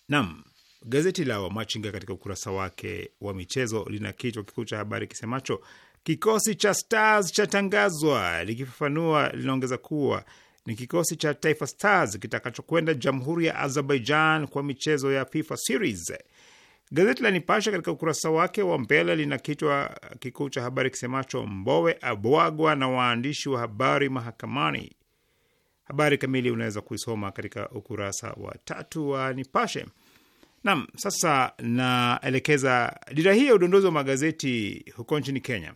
Naam, gazeti la Wamachinga katika ukurasa wake wa michezo lina kichwa kikuu cha habari kisemacho Kikosi cha Stars cha tangazwa. Likifafanua, linaongeza kuwa ni kikosi cha Taifa Stars kitakachokwenda Jamhuri ya Azerbaijan kwa michezo ya FIFA Series. Gazeti la Nipasha katika ukurasa wake wa mbele lina kichwa kikuu cha habari kisemacho Mbowe abwagwa na waandishi wa habari mahakamani. Habari kamili unaweza kuisoma katika ukurasa wa tatu wa Nipashe. Nam, sasa naelekeza dira hii ya udondozi wa magazeti huko nchini Kenya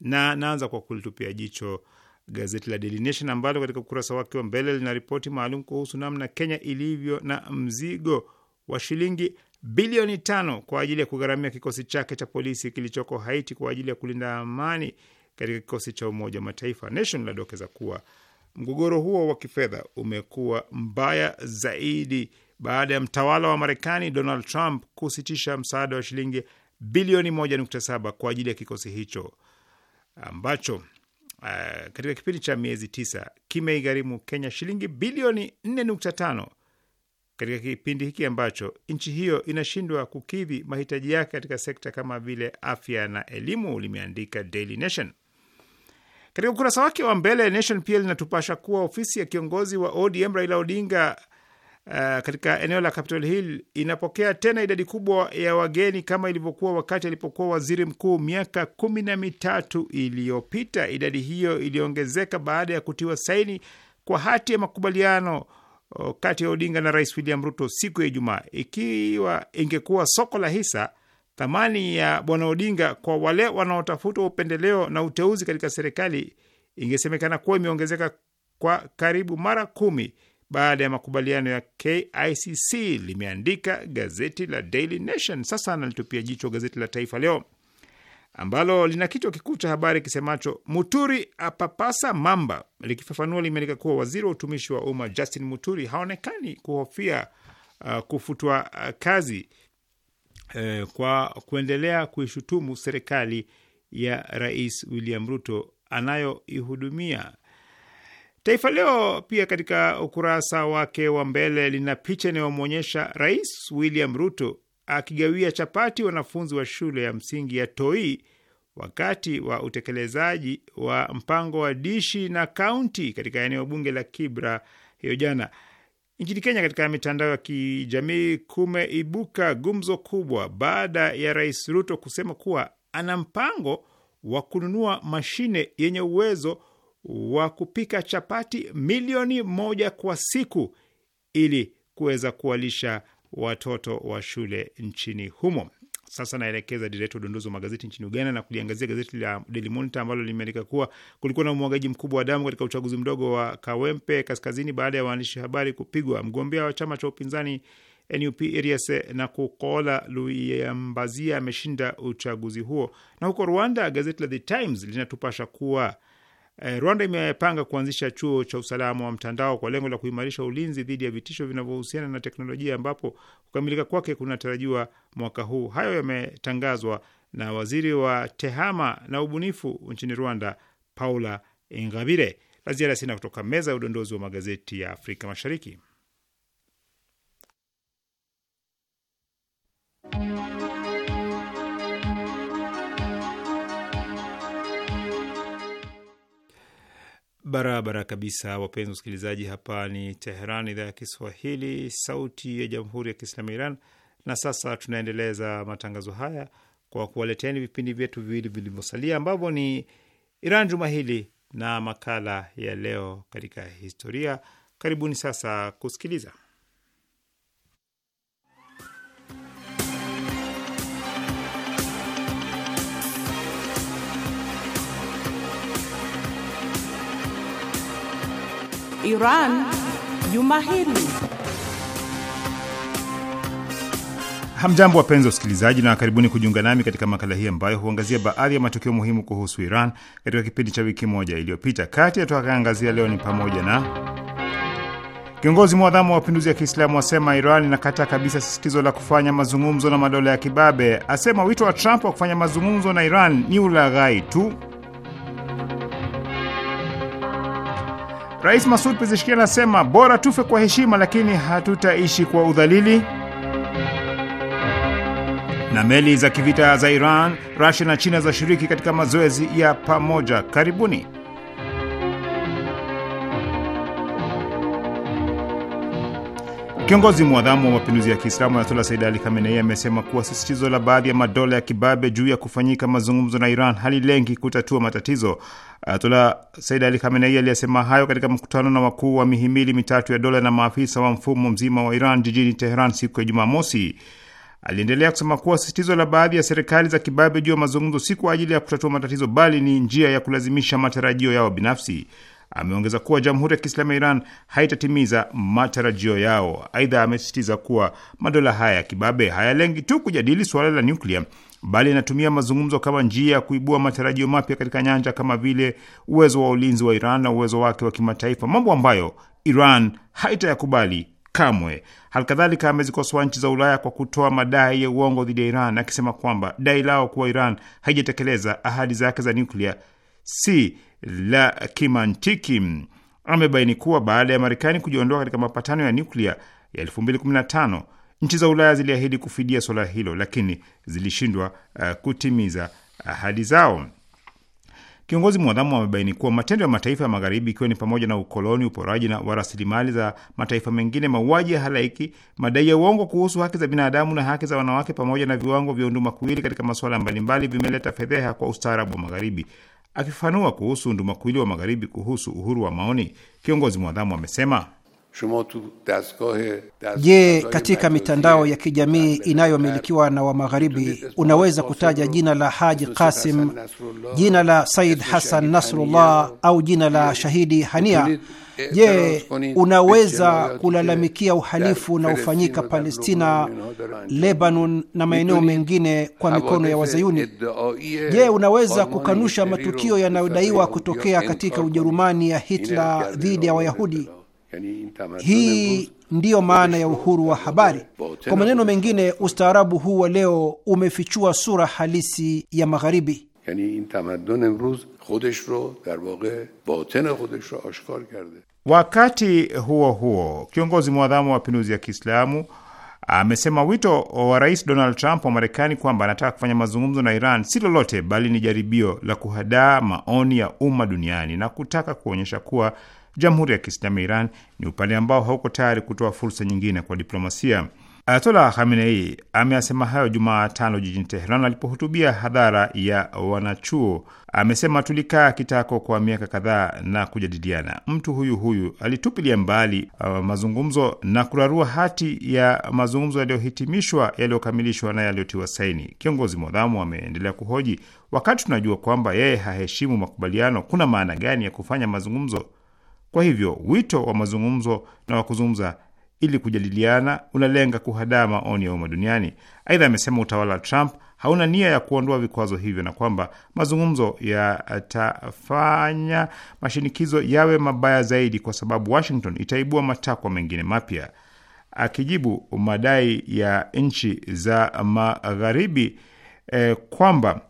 na naanza kwa kulitupia jicho gazeti la Daily Nation ambalo katika ukurasa wake wa mbele lina ripoti maalum kuhusu namna Kenya ilivyo na mzigo wa shilingi bilioni tano kwa ajili ya kugharamia kikosi chake cha polisi kilichoko Haiti kwa ajili ya kulinda amani katika kikosi cha Umoja wa Mataifa. Nation linadokeza kuwa mgogoro huo wa kifedha umekuwa mbaya zaidi baada ya mtawala wa Marekani Donald Trump kusitisha msaada wa shilingi bilioni 1.7 kwa ajili ya kikosi hicho ambacho uh, katika kipindi cha miezi tisa kimeigharimu Kenya shilingi bilioni 4.5 katika kipindi hiki ambacho nchi hiyo inashindwa kukidhi mahitaji yake katika sekta kama vile afya na elimu, limeandika Daily Nation. Katika ukurasa wake wa mbele Nation pia linatupasha kuwa ofisi ya kiongozi wa ODM Raila Odinga Eh, katika eneo la Capitol Hill inapokea tena idadi kubwa ya wageni kama ilivyokuwa wakati alipokuwa waziri mkuu miaka kumi na mitatu iliyopita. Idadi hiyo iliongezeka baada ya kutiwa saini kwa hati ya makubaliano kati ya Odinga na Rais William Ruto siku ya Ijumaa. Ikiwa ingekuwa soko la hisa, thamani ya Bwana Odinga kwa wale wanaotafuta upendeleo na uteuzi katika serikali ingesemekana kuwa imeongezeka kwa karibu mara kumi baada ya makubaliano ya KICC, limeandika gazeti la Daily Nation. Sasa analitupia jicho gazeti la Taifa Leo ambalo lina kichwa kikuu cha habari kisemacho Muturi apapasa mamba. Likifafanua, limeandika kuwa waziri wa utumishi wa umma Justin Muturi haonekani kuhofia uh, kufutwa uh, kazi uh, kwa kuendelea kuishutumu serikali ya Rais William Ruto anayoihudumia Taifa Leo pia katika ukurasa wake wa mbele lina picha inayomwonyesha Rais William Ruto akigawia chapati wanafunzi wa shule ya msingi ya Toi wakati wa utekelezaji wa mpango wa dishi na kaunti katika eneo bunge la Kibra hiyo jana. Nchini Kenya, katika mitandao ya kijamii kumeibuka gumzo kubwa baada ya Rais Ruto kusema kuwa ana mpango wa kununua mashine yenye uwezo wa kupika chapati milioni moja kwa siku ili kuweza kuwalisha watoto wa shule nchini humo. Sasa naelekeza direto udondozi wa magazeti nchini Uganda na kuliangazia gazeti la Daily Monitor ambalo limeandika kuwa kulikuwa na umwagaji mkubwa wa damu katika uchaguzi mdogo wa Kawempe Kaskazini baada ya waandishi habari kupigwa. Mgombea wa chama cha upinzani NUP Erias kukola Luyambazia ameshinda uchaguzi huo. Na huko Rwanda, gazeti la The Times linatupasha kuwa Eh, Rwanda imepanga kuanzisha chuo cha usalama wa mtandao kwa lengo la kuimarisha ulinzi dhidi ya vitisho vinavyohusiana na teknolojia ambapo kukamilika kwake kunatarajiwa mwaka huu. Hayo yametangazwa na waziri wa tehama na ubunifu nchini Rwanda, Paula Ingabire. La ziada sina kutoka meza ya udondozi wa magazeti ya Afrika Mashariki. Barabara kabisa, wapenzi wasikilizaji, hapa ni Teheran, idhaa ya Kiswahili, sauti ya jamhuri ya kiislamu ya Iran. Na sasa tunaendeleza matangazo haya kwa kuwaleteni vipindi vyetu viwili vilivyosalia ambavyo ni Iran juma hili na makala ya leo katika historia. Karibuni sasa kusikiliza. Iran juma hili. Hamjambo, wapenzi wasikilizaji, na karibuni kujiunga nami katika makala hii ambayo huangazia baadhi ya matukio muhimu kuhusu Iran katika kipindi cha wiki moja iliyopita. Kati ya tutakaangazia leo ni pamoja na kiongozi mwadhamu wa mapinduzi ya Kiislamu asema Iran inakataa kabisa sisitizo la kufanya mazungumzo na madola ya kibabe, asema wito wa Trump wa kufanya mazungumzo na Iran ni ulaghai tu. Rais Masud Pezeshkian anasema bora tufe kwa heshima, lakini hatutaishi kwa udhalili. Na meli za kivita za Iran, Rusia na China zashiriki katika mazoezi ya pamoja. Karibuni. Kiongozi mwadhamu wa mapinduzi ya Kiislamu Ayatollah Said Ali Khamenei amesema kuwa sisitizo la baadhi ya madola ya kibabe juu ya kufanyika mazungumzo na Iran halilengi kutatua matatizo. Ayatollah Said Ali Khamenei aliyesema hayo katika mkutano na wakuu wa mihimili mitatu ya dola na maafisa wa mfumo mzima wa Iran jijini Teheran siku ya Jumamosi. Aliendelea kusema kuwa sisitizo la baadhi ya serikali za kibabe juu ya mazungumzo si kwa ajili ya kutatua matatizo, bali ni njia ya kulazimisha matarajio yao binafsi. Ameongeza kuwa Jamhuri ya Kiislamu ya Iran haitatimiza matarajio yao. Aidha, amesisitiza kuwa madola haya ya kibabe hayalengi tu kujadili suala la nyuklia, bali yanatumia mazungumzo kama njia ya kuibua matarajio mapya katika nyanja kama vile uwezo wa ulinzi wa Iran na uwezo wake wa kimataifa, mambo ambayo Iran haitayakubali kamwe. Halikadhalika, amezikosoa nchi za Ulaya kwa kutoa madai ya uongo dhidi ya Iran, akisema kwamba dai lao kuwa Iran haijatekeleza ahadi zake za nyuklia si la kimantiki. Amebaini kuwa baada ya Marekani kujiondoa katika mapatano ya nyuklia ya 2015 nchi za Ulaya ziliahidi kufidia swala hilo, lakini zilishindwa uh, kutimiza ahadi uh, zao. Kiongozi mwadhamu amebaini kuwa matendo ya mataifa ya Magharibi, ikiwa ni pamoja na ukoloni, uporaji na wa rasilimali za mataifa mengine, mauaji ya halaiki, madai ya uongo kuhusu haki za binadamu na haki za wanawake, pamoja na viwango vya unduma kuwili katika masuala mbalimbali, vimeleta fedheha kwa ustaarabu wa Magharibi. Akifafanua kuhusu ndumakuwili wa magharibi kuhusu uhuru wa maoni, kiongozi mwadhamu amesema Je, katika mitandao ya kijamii inayomilikiwa na wamagharibi unaweza kutaja jina la Haji Qasim, jina la Said hasan Nasrullah au jina la shahidi Hania? Je, unaweza kulalamikia uhalifu unaofanyika Palestina, Lebanon na maeneo mengine kwa mikono ya Wazayuni? Je, unaweza kukanusha matukio yanayodaiwa kutokea katika Ujerumani ya Hitler dhidi ya Wayahudi? hii ndiyo maana ya uhuru wa habari. Kwa maneno mengine, ustaarabu huu wa leo umefichua sura halisi ya Magharibi. wakati huo huo, kiongozi mwadhamu wa mapinduzi ya Kiislamu amesema wito wa Rais Donald Trump wa Marekani kwamba anataka kufanya mazungumzo na Iran si lolote bali ni jaribio la kuhadaa maoni ya umma duniani na kutaka kuonyesha kuwa Jamhuri ya Kiislamu ya Iran ni upande ambao hauko tayari kutoa fursa nyingine kwa diplomasia. Ayatollah Khamenei ameasema hayo Jumatano jijini Teheran alipohutubia hadhara ya wanachuo. Amesema tulikaa kitako kwa miaka kadhaa na kujadiliana. Mtu huyu huyu alitupilia mbali uh, mazungumzo na kurarua hati ya mazungumzo yaliyohitimishwa, yaliyokamilishwa na yaliyotiwa saini. Kiongozi mwadhamu ameendelea kuhoji, wakati tunajua kwamba yeye haheshimu makubaliano, kuna maana gani ya kufanya mazungumzo? Kwa hivyo wito wa mazungumzo na wa kuzungumza ili kujadiliana unalenga kuhadaa maoni ya umma duniani. Aidha, amesema utawala wa Trump hauna nia ya kuondoa vikwazo hivyo na kwamba mazungumzo yatafanya mashinikizo yawe mabaya zaidi, kwa sababu Washington itaibua matakwa mengine mapya. Akijibu madai ya nchi za magharibi eh, kwamba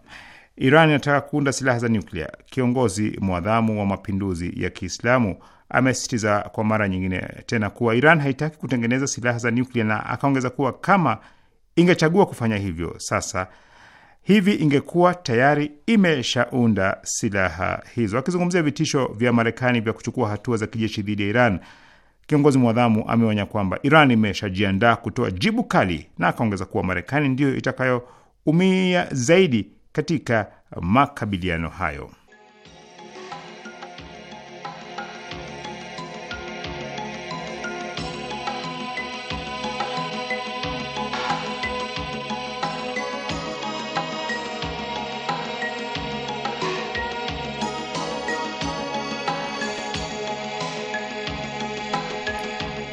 Iran inataka kuunda silaha za nyuklia, kiongozi mwadhamu wa mapinduzi ya Kiislamu amesisitiza kwa mara nyingine tena kuwa Iran haitaki kutengeneza silaha za nyuklia na akaongeza kuwa kama ingechagua kufanya hivyo sasa hivi ingekuwa tayari imeshaunda silaha hizo. Akizungumzia vitisho vya Marekani vya kuchukua hatua za kijeshi dhidi ya Iran, kiongozi mwadhamu ameonya kwamba Iran imeshajiandaa kutoa jibu kali, na akaongeza kuwa Marekani ndiyo itakayoumia zaidi katika makabiliano hayo.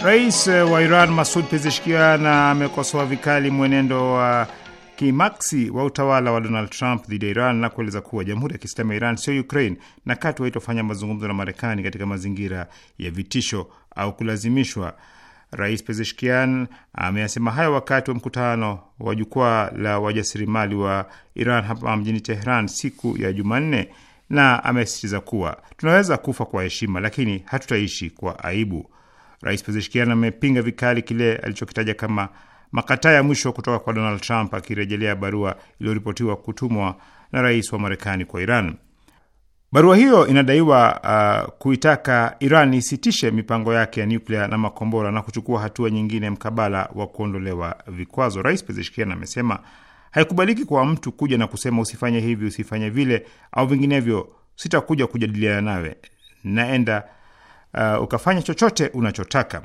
Rais eh, wa Iran Masud Pezeshkian ah, amekosoa vikali mwenendo wa kimaksi wa utawala wa Donald Trump dhidi ya Iran na kueleza kuwa Jamhuri ya Kiislamu ya Iran sio Ukraine na katu haitofanya mazungumzo na Marekani katika mazingira ya vitisho au kulazimishwa. Rais Pezeshkian ah, ameyasema hayo wakati wa mkutano wa jukwaa la wajasirimali wa Iran hapa mjini Tehran siku ya Jumanne, na amesisitiza kuwa tunaweza kufa kwa heshima, lakini hatutaishi kwa aibu. Rais Pezeshkian amepinga vikali kile alichokitaja kama makataa ya mwisho kutoka kwa Donald Trump, akirejelea barua iliyoripotiwa kutumwa na rais wa Marekani kwa Iran. Barua hiyo inadaiwa uh, kuitaka Iran isitishe mipango yake ya nyuklia na makombora na kuchukua hatua nyingine mkabala wa kuondolewa vikwazo. Rais Pezeshkian amesema haikubaliki kwa mtu kuja na kusema usifanye hivi, usifanye vile, au vinginevyo sitakuja kujadiliana nawe, naenda uh, ukafanya chochote unachotaka.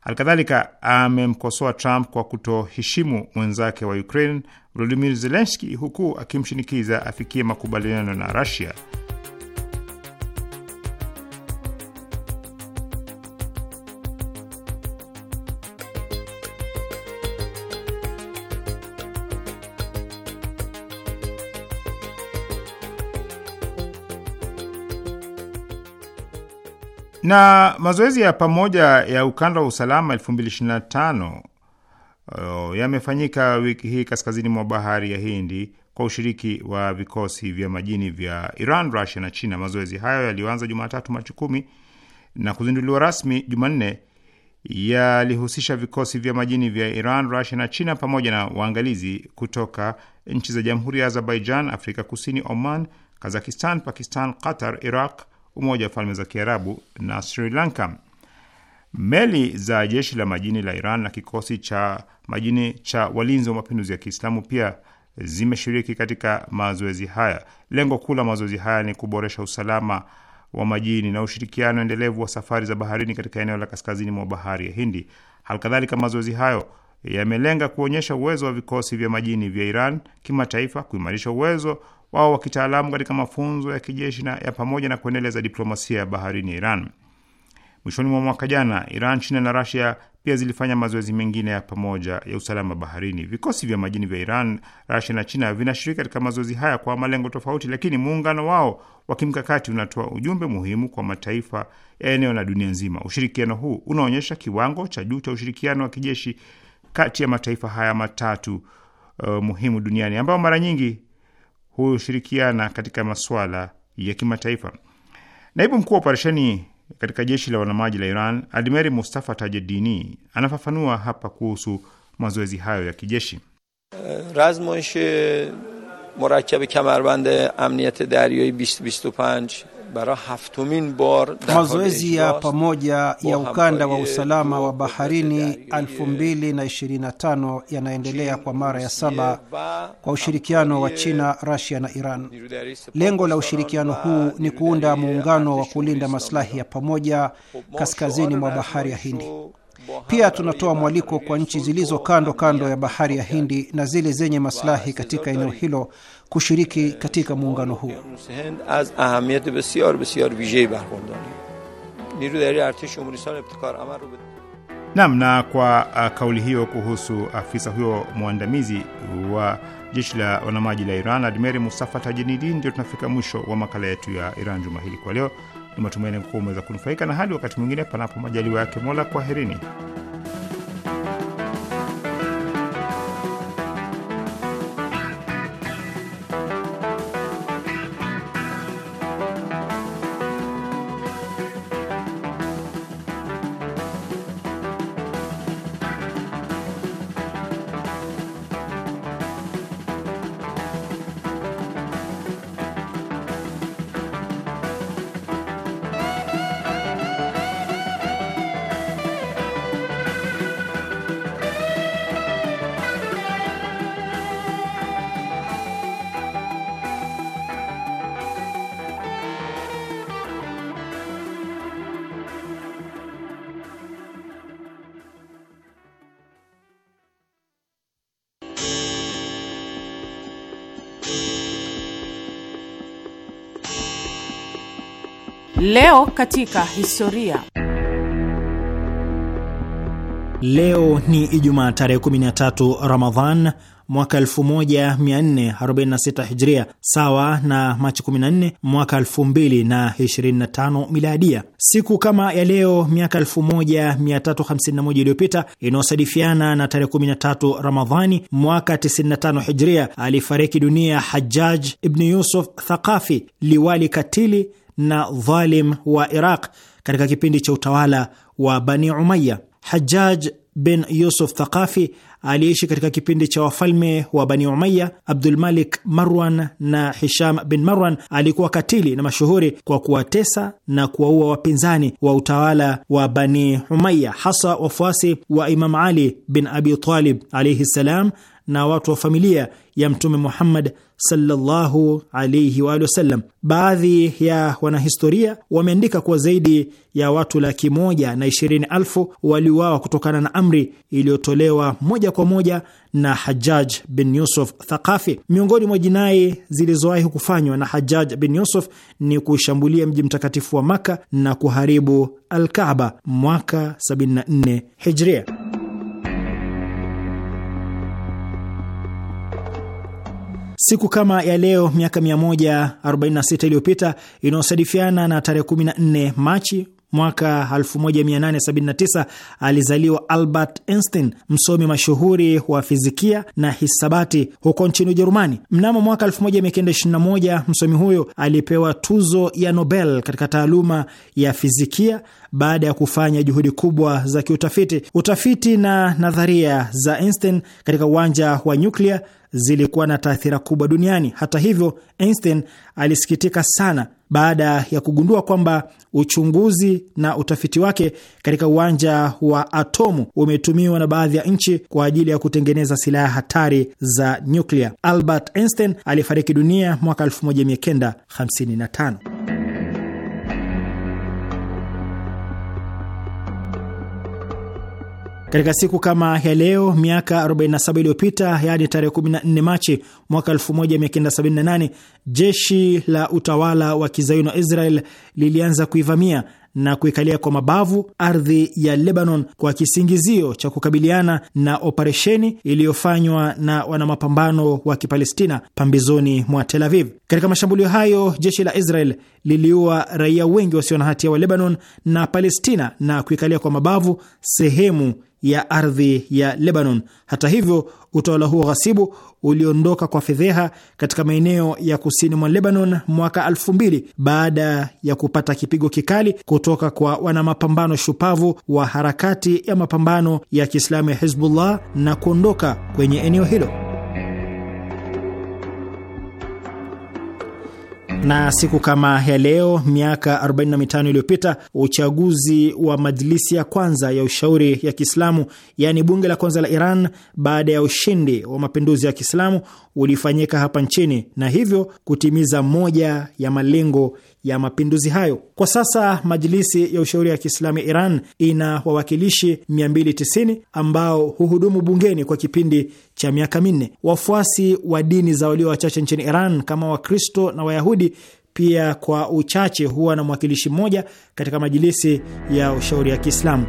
Halikadhalika amemkosoa Trump kwa kutoheshimu mwenzake wa Ukraine Volodimir Zelenski, huku akimshinikiza afikie makubaliano na Rusia. na mazoezi ya pamoja ya ukanda wa usalama 2025 uh, yamefanyika wiki hii kaskazini mwa bahari ya Hindi kwa ushiriki wa vikosi vya majini vya Iran, Russia na China. Mazoezi hayo yaliyoanza Jumatatu Machi kumi na kuzinduliwa rasmi Jumanne yalihusisha vikosi vya majini vya Iran, Russia na China pamoja na waangalizi kutoka nchi za Jamhuri ya Azerbaijan, Afrika Kusini, Oman, Kazakistan, Pakistan, Qatar, Iraq, Umoja wa Falme za Kiarabu na Sri Lanka. Meli za jeshi la majini la Iran na kikosi cha majini cha walinzi wa mapinduzi ya Kiislamu pia zimeshiriki katika mazoezi haya. Lengo kuu la mazoezi haya ni kuboresha usalama wa majini na ushirikiano endelevu wa safari za baharini katika eneo la kaskazini mwa bahari ya Hindi. Halikadhalika, mazoezi hayo yamelenga kuonyesha uwezo wa vikosi vya majini vya Iran kimataifa, kuimarisha uwezo wao wa kitaalamu katika mafunzo ya kijeshi na ya pamoja na kuendeleza diplomasia ya baharini ya Iran. Mwishoni mwa mwaka jana, Iran, China na Rasia pia zilifanya mazoezi mengine ya pamoja ya usalama baharini. Vikosi vya majini vya Iran, Rasia na China vinashiriki katika mazoezi haya kwa malengo tofauti, lakini muungano wao wa kimkakati unatoa ujumbe muhimu kwa mataifa ya eneo na dunia nzima. Ushirikiano huu unaonyesha kiwango cha juu cha ushirikiano wa kijeshi kati ya mataifa haya matatu uh, muhimu duniani ambao mara nyingi hushirikiana katika masuala ya kimataifa. Naibu mkuu wa operesheni katika jeshi la wanamaji la Iran, Admeri Mustafa Tajedini, anafafanua hapa kuhusu mazoezi hayo ya kijeshi. Uh, razmoish murakabe kamarband amniyat daryoyi 2025 mazoezi ya pamoja ya ukanda wa usalama wa baharini 2025 yanaendelea kwa mara ya saba kwa ushirikiano wa China, Rasia na Iran. Lengo la ushirikiano huu ni kuunda muungano wa kulinda maslahi ya pamoja kaskazini mwa bahari ya Hindi. Pia tunatoa mwaliko kwa nchi zilizo kando kando ya bahari ya Hindi na zile zenye maslahi katika eneo hilo kushiriki katika muungano huo. Nam na kwa uh, kauli hiyo kuhusu afisa huyo mwandamizi wa jeshi la wanamaji la Iran Admeri Mustafa tajinidi ndio tunafika mwisho wa makala yetu ya Iran juma hili. Kwa leo, ni matumaini kuwa umeweza kunufaika, na hadi wakati mwingine, panapo majaliwa yake Mola, kwaherini. Leo katika historia. Leo ni Ijumaa tarehe 13 Ramadhan mwaka 1446 Hijria, sawa na Machi 14 mwaka 2025 Miladia. Siku kama ya leo miaka 1351 iliyopita, inayosadifiana na tarehe 13 Ramadhani mwaka 95 Hijria, alifariki dunia Hajjaj ibni Yusuf Thaqafi, liwali katili na dhalim wa Iraq katika kipindi cha utawala wa Bani umaya Hajjaj bin Yusuf Thaqafi aliyeishi katika kipindi cha wafalme wa Bani umaya Abdulmalik Marwan na Hisham bin Marwan alikuwa katili na mashuhuri kwa kuwatesa na kuwaua wapinzani wa utawala wa Bani umaya hasa wafuasi wa Imam Ali bin Abi Talib alaihi ssalam na watu wa familia ya Mtume Muhammad sallallahu alaihi wa sallam. Baadhi ya wanahistoria wameandika kuwa zaidi ya watu laki moja na ishirini alfu waliuawa kutokana na amri iliyotolewa moja kwa moja na Hajjaj bin Yusuf Thaqafi. Miongoni mwa jinai zilizowahi kufanywa na Hajjaj bin Yusuf ni kushambulia mji mtakatifu wa Maka na kuharibu Alkaaba mwaka 74 Hijria. Siku kama ya leo miaka 146 iliyopita inayosadifiana na tarehe 14 Machi mwaka 1879 alizaliwa Albert Einstein, msomi mashuhuri wa fizikia na hisabati huko nchini Ujerumani. Mnamo mwaka 1921 msomi huyo alipewa tuzo ya Nobel katika taaluma ya fizikia baada ya kufanya juhudi kubwa za kiutafiti. Utafiti na nadharia za Einstein katika uwanja wa nyuklia zilikuwa na taathira kubwa duniani. Hata hivyo, Einstein alisikitika sana baada ya kugundua kwamba uchunguzi na utafiti wake katika uwanja wa atomu umetumiwa na baadhi ya nchi kwa ajili ya kutengeneza silaha hatari za nyuklia. Albert Einstein alifariki dunia mwaka 1955. Katika siku kama ya leo miaka 47 iliyopita, yaani tarehe 14 Machi mwaka 1978, jeshi la utawala wa kizayuni wa Israel lilianza kuivamia na kuikalia kwa mabavu ardhi ya Lebanon kwa kisingizio cha kukabiliana na operesheni iliyofanywa na wanamapambano wa Kipalestina pambizoni mwa Tel Aviv. Katika mashambulio hayo, jeshi la Israel liliua raia wengi wasio na hatia wa Lebanon na Palestina na kuikalia kwa mabavu sehemu ya ardhi ya Lebanon. Hata hivyo, utawala huo ghasibu uliondoka kwa fedheha katika maeneo ya kusini mwa Lebanon mwaka elfu mbili baada ya kupata kipigo kikali kutoka kwa wanamapambano shupavu wa harakati ya mapambano ya Kiislamu ya Hizbullah na kuondoka kwenye eneo hilo. Na siku kama ya leo miaka 45 iliyopita uchaguzi wa majlisi ya kwanza ya ushauri ya Kiislamu, yaani bunge la kwanza la Iran baada ya ushindi wa mapinduzi ya Kiislamu ulifanyika hapa nchini na hivyo kutimiza moja ya malengo ya mapinduzi hayo. Kwa sasa Majilisi ya Ushauri ya Kiislamu ya Iran ina wawakilishi 290 ambao huhudumu bungeni kwa kipindi cha miaka minne. Wafuasi wa dini za walio wachache nchini Iran kama Wakristo na Wayahudi pia kwa uchache huwa na mwakilishi mmoja katika Majilisi ya Ushauri ya Kiislamu.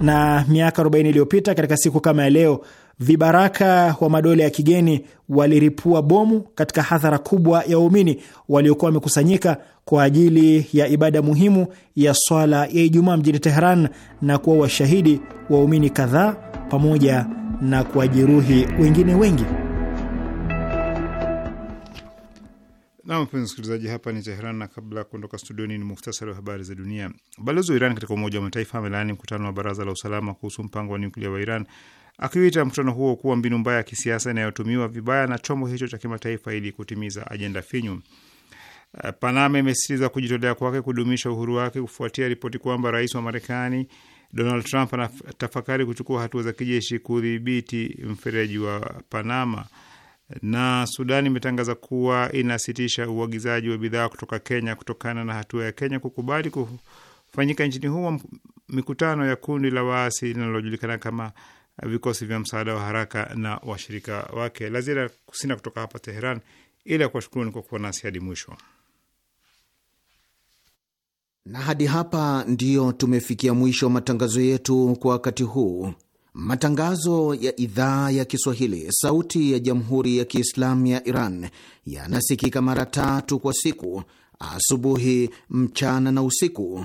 Na miaka 40 iliyopita katika siku kama ya leo vibaraka wa madola ya kigeni waliripua bomu katika hadhara kubwa ya waumini waliokuwa wamekusanyika kwa ajili ya ibada muhimu ya swala ya Ijumaa mjini Teheran na kuwa washahidi waumini kadhaa pamoja na kuwajeruhi wengine wengi. nam mpenzi msikilizaji, hapa ni Teheran, na kabla ya kuondoka studioni ni muhtasari wa habari za dunia. Balozi wa Iran katika Umoja wa Mataifa amelaani mkutano wa Baraza la Usalama kuhusu mpango wa nyuklia wa Iran akiuita mkutano huo kuwa mbinu mbaya ya kisiasa inayotumiwa vibaya na chombo hicho cha kimataifa ili kutimiza ajenda finyu. Uh, Paname imesisitiza kujitolea kwake kudumisha uhuru wake kufuatia ripoti kwamba rais wa Marekani Donald Trump anatafakari kuchukua hatua za kijeshi kudhibiti mfereji wa Panama. Na Sudan imetangaza kuwa inasitisha uagizaji wa bidhaa kutoka Kenya kutokana na hatua ya Kenya kukubali kufanyika nchini humo mikutano ya kundi la waasi linalojulikana kama vikosi vya msaada wa haraka na washirika wake. La ziada kutoka hapa Teheran, ila kuwashukuruni kwa kuwa nasi hadi mwisho. Na hadi hapa ndiyo tumefikia mwisho wa matangazo yetu kwa wakati huu. Matangazo ya idhaa ya Kiswahili, sauti ya jamhuri ya kiislamu ya Iran yanasikika mara tatu kwa siku: asubuhi, mchana na usiku.